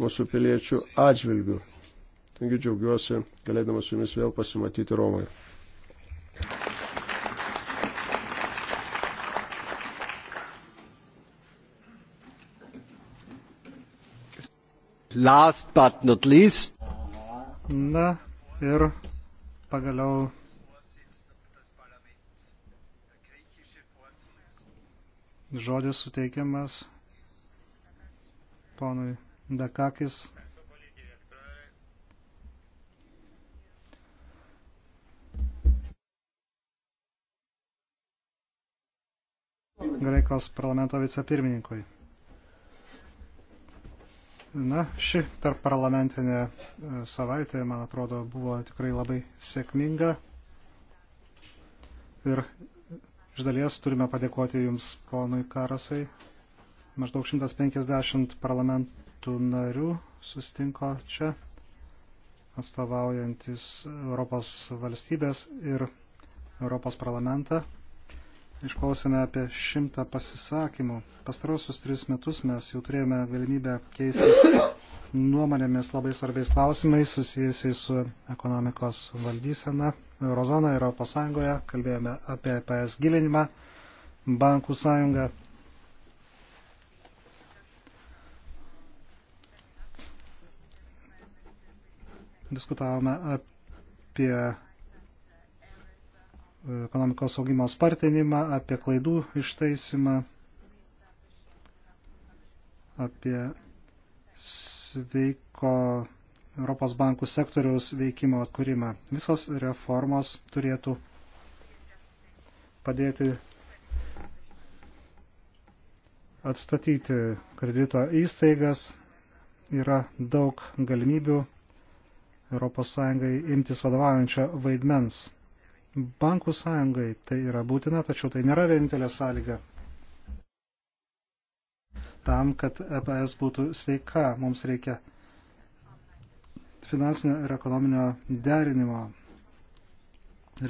mūsų piliečių atžvilgių. Taigi džiaugiuosi galėdamas su jumis vėl pasimatyti Romoje. last but not least. Na ir pagaliau. Žodis suteikiamas ponui Dakakis. Graikijos parlamento vicepirmininkui. Na, ši tarp parlamentinė e, savaitė, man atrodo, buvo tikrai labai sėkminga. Ir iš dalies turime padėkoti Jums, ponui Karasai. Maždaug 150 parlamentų narių sustinko čia, atstovaujantis Europos valstybės ir Europos parlamentą išklausėme apie šimtą pasisakymų. Pastarosius tris metus mes jau turėjome galimybę keistis nuomonėmis labai svarbiais klausimais susijusiais su ekonomikos valdysena. Eurozona ir Europos Sąjungoje kalbėjome apie e PS gilinimą, bankų sąjungą. Diskutavome apie ekonomikos augimo spartinimą, apie klaidų ištaisimą, apie sveiko Europos bankų sektoriaus veikimo atkūrimą. Visos reformos turėtų padėti atstatyti kredito įstaigas. Yra daug galimybių ES imtis vadovaujančio vaidmens. Bankų sąjungai tai yra būtina, tačiau tai nėra vienintelė sąlyga. Tam, kad EPS būtų sveika, mums reikia finansinio ir ekonominio derinimo.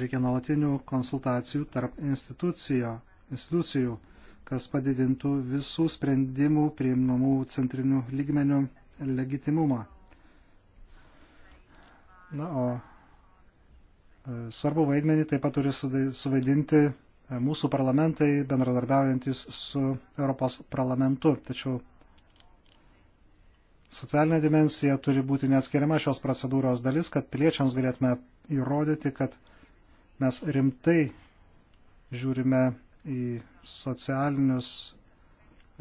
Reikia nuolatinių konsultacijų tarp institucijų, kas padidintų visų sprendimų priimamų centrinių lygmenių legitimumą. Na, o E, Svarbu vaidmenį taip pat turi suvaidinti e, mūsų parlamentai bendradarbiaujantis su Europos parlamentu. Tačiau socialinė dimensija turi būti neatskiriama šios procedūros dalis, kad piliečiams galėtume įrodyti, kad mes rimtai žiūrime į socialinius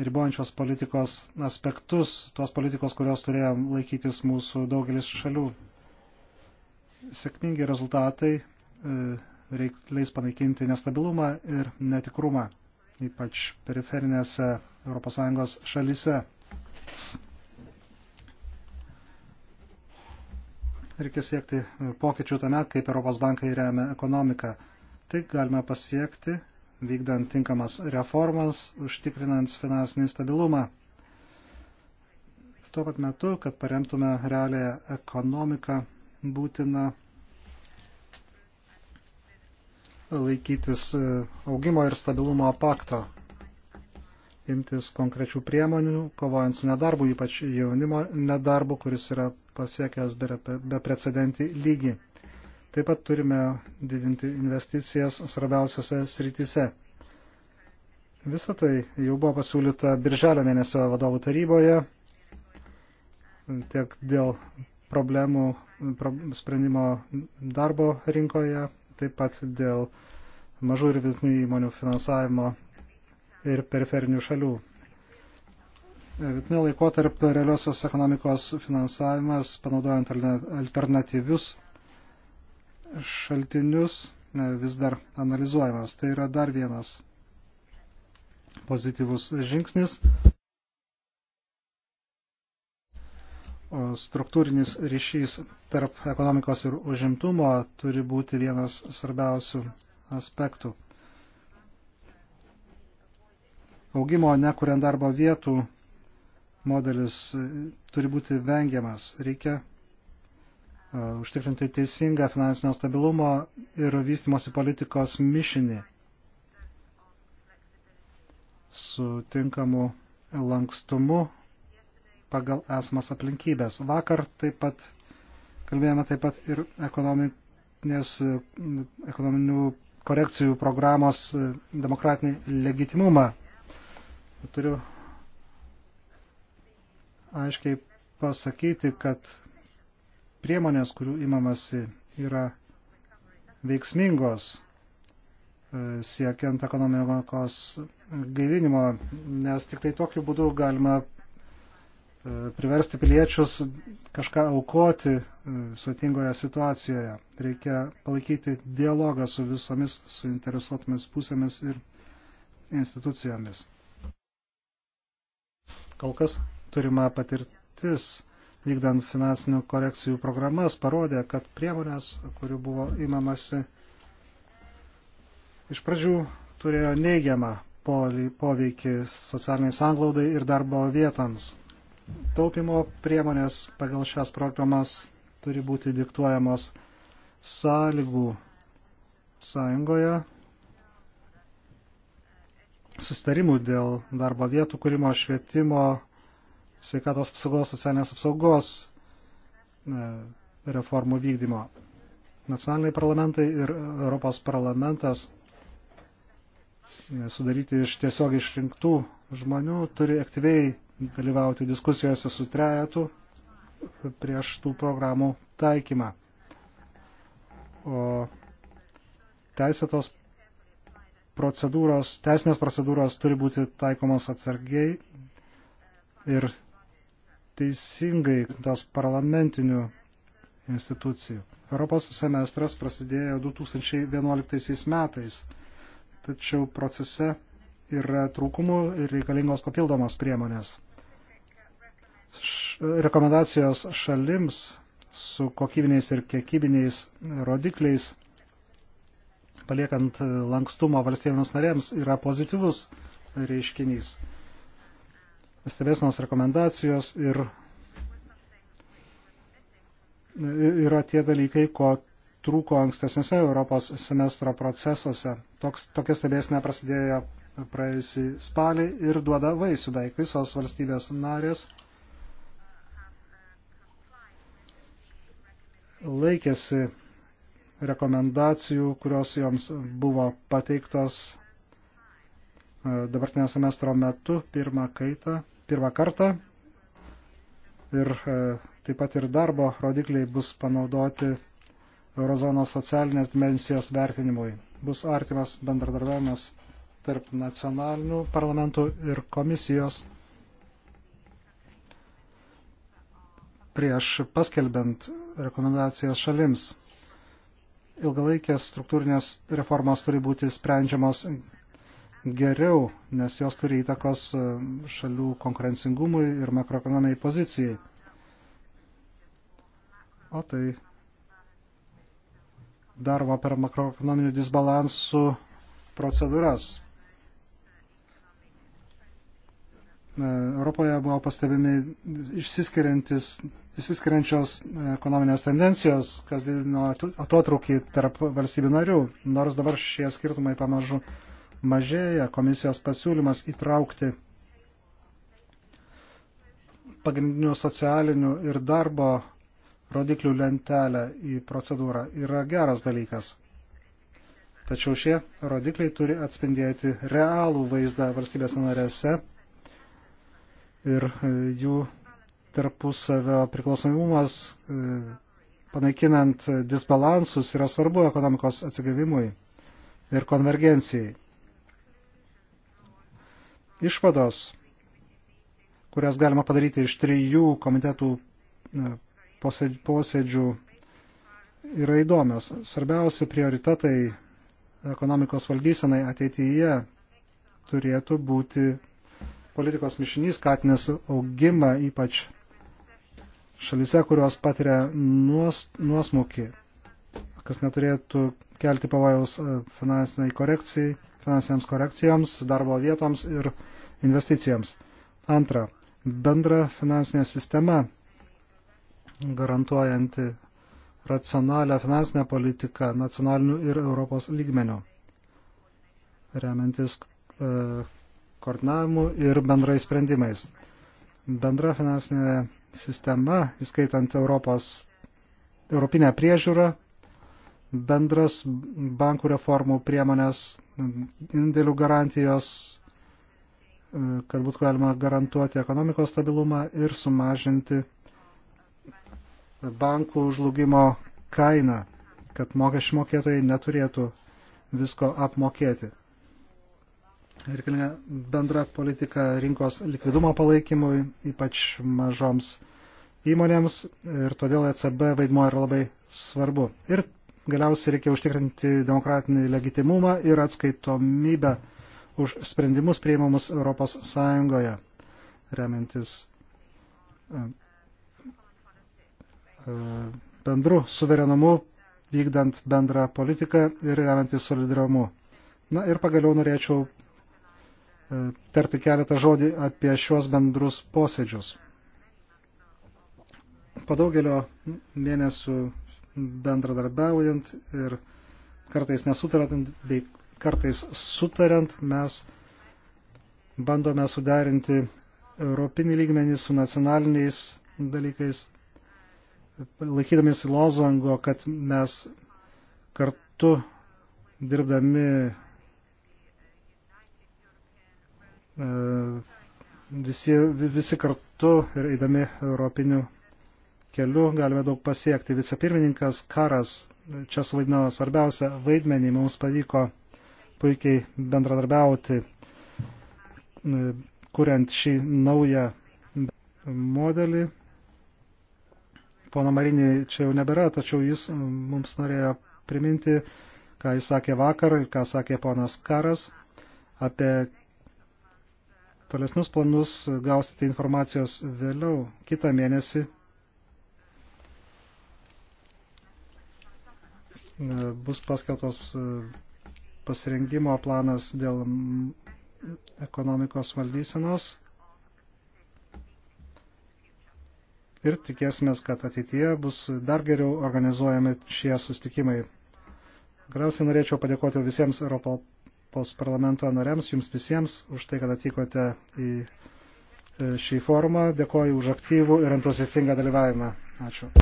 ribojančios politikos aspektus, tuos politikos, kurios turėjo laikytis mūsų daugelis šalių sėkmingi rezultatai e, reik, leis panaikinti nestabilumą ir netikrumą, ypač periferinėse ES šalise. Reikia siekti pokyčių tame, kaip Europos bankai remia ekonomiką. Tai galime pasiekti, vykdant tinkamas reformas, užtikrinant finansinį stabilumą tuo pat metu, kad paremtume realią ekonomiką būtina laikytis e, augimo ir stabilumo pakto, imtis konkrečių priemonių, kovojant su nedarbu, ypač jaunimo nedarbu, kuris yra pasiekęs beprecedentį lygį. Taip pat turime didinti investicijas svarbiausiose srityse. Visą tai jau buvo pasiūlyta Birželio mėnesio vadovų taryboje, tiek dėl problemų pro, sprendimo darbo rinkoje, taip pat dėl mažų ir vidutinių įmonių finansavimo ir periferinių šalių. Vidutinio laikotarp realiosios ekonomikos finansavimas, panaudojant alternatyvius šaltinius, e, vis dar analizuojamas. Tai yra dar vienas pozityvus žingsnis. struktūrinis ryšys tarp ekonomikos ir užimtumo turi būti vienas svarbiausių aspektų. Augimo nekuriant darbo vietų modelis turi būti vengiamas. Reikia užtikrinti teisingą finansinio stabilumo ir vystimosi politikos mišinį su tinkamu lankstumu pagal esamas aplinkybės. Vakar taip pat kalbėjome taip pat ir ekonominės, ekonominių korekcijų programos e, demokratinį legitimumą. Turiu aiškiai pasakyti, kad priemonės, kurių imamasi, yra veiksmingos e, siekiant ekonomikos gaivinimo, nes tik tai tokiu būdu galima E, priversti piliečius kažką aukoti e, sutingoje situacijoje. Reikia palaikyti dialogą su visomis suinteresuotomis pusėmis ir institucijomis. Kol kas turima patirtis vykdant finansinių korekcijų programas parodė, kad priemonės, kurių buvo imamasi, iš pradžių turėjo neigiamą poveikį socialiniai sanglaudai ir darbo vietoms. Taupimo priemonės pagal šias programas turi būti diktuojamos sąlygų sąjungoje, sustarimų dėl darbo vietų kūrimo, švietimo, sveikatos apsaugos, socialinės apsaugos e, reformų vykdymo. Nacionaliniai parlamentai ir Europos parlamentas e, sudaryti iš tiesiog išrinktų žmonių turi aktyviai dalyvauti diskusijose su trejetu prieš tų programų taikymą. O teisėtos procedūros, teisinės procedūros turi būti taikomos atsargiai ir teisingai tas parlamentinių institucijų. Europos semestras prasidėjo 2011 metais, tačiau procese yra trūkumų ir reikalingos papildomos priemonės rekomendacijos šalims su kokybiniais ir kiekybiniais rodikliais, paliekant lankstumo valstybėms narėms, yra pozityvus reiškinys. Stebėsnos rekomendacijos ir yra tie dalykai, ko trūko ankstesniuose Europos semestro procesuose. Toks, tokia stebėsnė prasidėjo praėjusį spalį ir duoda vaisių beveik visos valstybės narės laikėsi rekomendacijų, kurios joms buvo pateiktos e, dabartinio semestro metu pirmą, kaitą, pirmą kartą. Ir e, taip pat ir darbo rodikliai bus panaudoti Eurozonos socialinės dimensijos vertinimui. Bus artimas bendradarbiavimas tarp nacionalinių parlamentų ir komisijos prieš paskelbent rekomendacijas šalims. Ilgalaikės struktūrinės reformos turi būti sprendžiamos geriau, nes jos turi įtakos e, šalių konkurencingumui ir makroekonominiai pozicijai. O tai daroma per makroekonominių disbalansų procedūras. Europoje buvo pastebimi išsiskiriančios e, ekonominės tendencijos, kas didino atotrukį tarp valstybių narių. Nors dabar šie skirtumai pamažu mažėja, komisijos pasiūlymas įtraukti pagrindinių socialinių ir darbo rodiklių lentelę į procedūrą yra geras dalykas. Tačiau šie rodikliai turi atspindėti realų vaizdą valstybės narėse ir e, jų tarpusavio priklausomumas e, panaikinant disbalansus yra svarbu ekonomikos atsigavimui ir konvergencijai. Išvados, kurias galima padaryti iš trijų komitetų e, posėdžių, yra įdomios. Svarbiausi prioritetai ekonomikos valdysenai ateityje turėtų būti politikos mišinys skatinės augimą, ypač šalise, kurios patiria nuos, nuosmukį, kas neturėtų kelti pavojaus e, finansiniai korekcijai, finansiniams korekcijoms, darbo vietoms ir investicijoms. Antra, bendra finansinė sistema garantuojanti racionalią finansinę politiką nacionalinių ir Europos lygmenių, remiantis e, koordinavimu ir bendrais sprendimais. Bendra finansinė sistema, įskaitant Europos, europinę priežiūrą, bendras bankų reformų priemonės, indėlių garantijos, e, kad būtų galima garantuoti ekonomikos stabilumą ir sumažinti bankų žlugimo kainą, kad mokesčių mokėtojai neturėtų visko apmokėti reikalinga bendra politika rinkos likvidumo palaikymui, ypač mažoms įmonėms ir todėl ECB vaidmuo yra labai svarbu. Ir galiausiai reikia užtikrinti demokratinį legitimumą ir atskaitomybę už sprendimus prieimamus Europos Sąjungoje, remiantis e, e, bendru suverenumu, vykdant bendrą politiką ir remiantis solidarumu. Na ir pagaliau norėčiau E, tarti keletą žodį apie šios bendrus posėdžius. Po daugelio mėnesių bendradarbiaujant ir kartais nesutariant, bei kartais sutariant, mes bandome suderinti europinį lygmenį su nacionaliniais dalykais, laikydamėsi lozango, kad mes kartu dirbdami E, visi, visi kartu ir eidami europiniu keliu galime daug pasiekti. Vicepirmininkas Karas čia suvaidino svarbiausią vaidmenį, mums pavyko puikiai bendradarbiauti, e, kuriant šį naują modelį. Pono Marinį čia jau nebėra, tačiau jis mums norėjo priminti, ką jis sakė vakar ir ką sakė ponas Karas apie Tolesnius planus gausite informacijos vėliau, kitą mėnesį. Bus paskelbtos pasirengimo planas dėl ekonomikos valdysenos. Ir tikėsime, kad ateityje bus dar geriau organizuojami šie sustikimai. Galiausiai norėčiau padėkoti visiems Europos Europos parlamento nariams, jums visiems už tai, kad atvykote į e, šį forumą. Dėkoju už aktyvų ir entuziastingą dalyvavimą. Ačiū.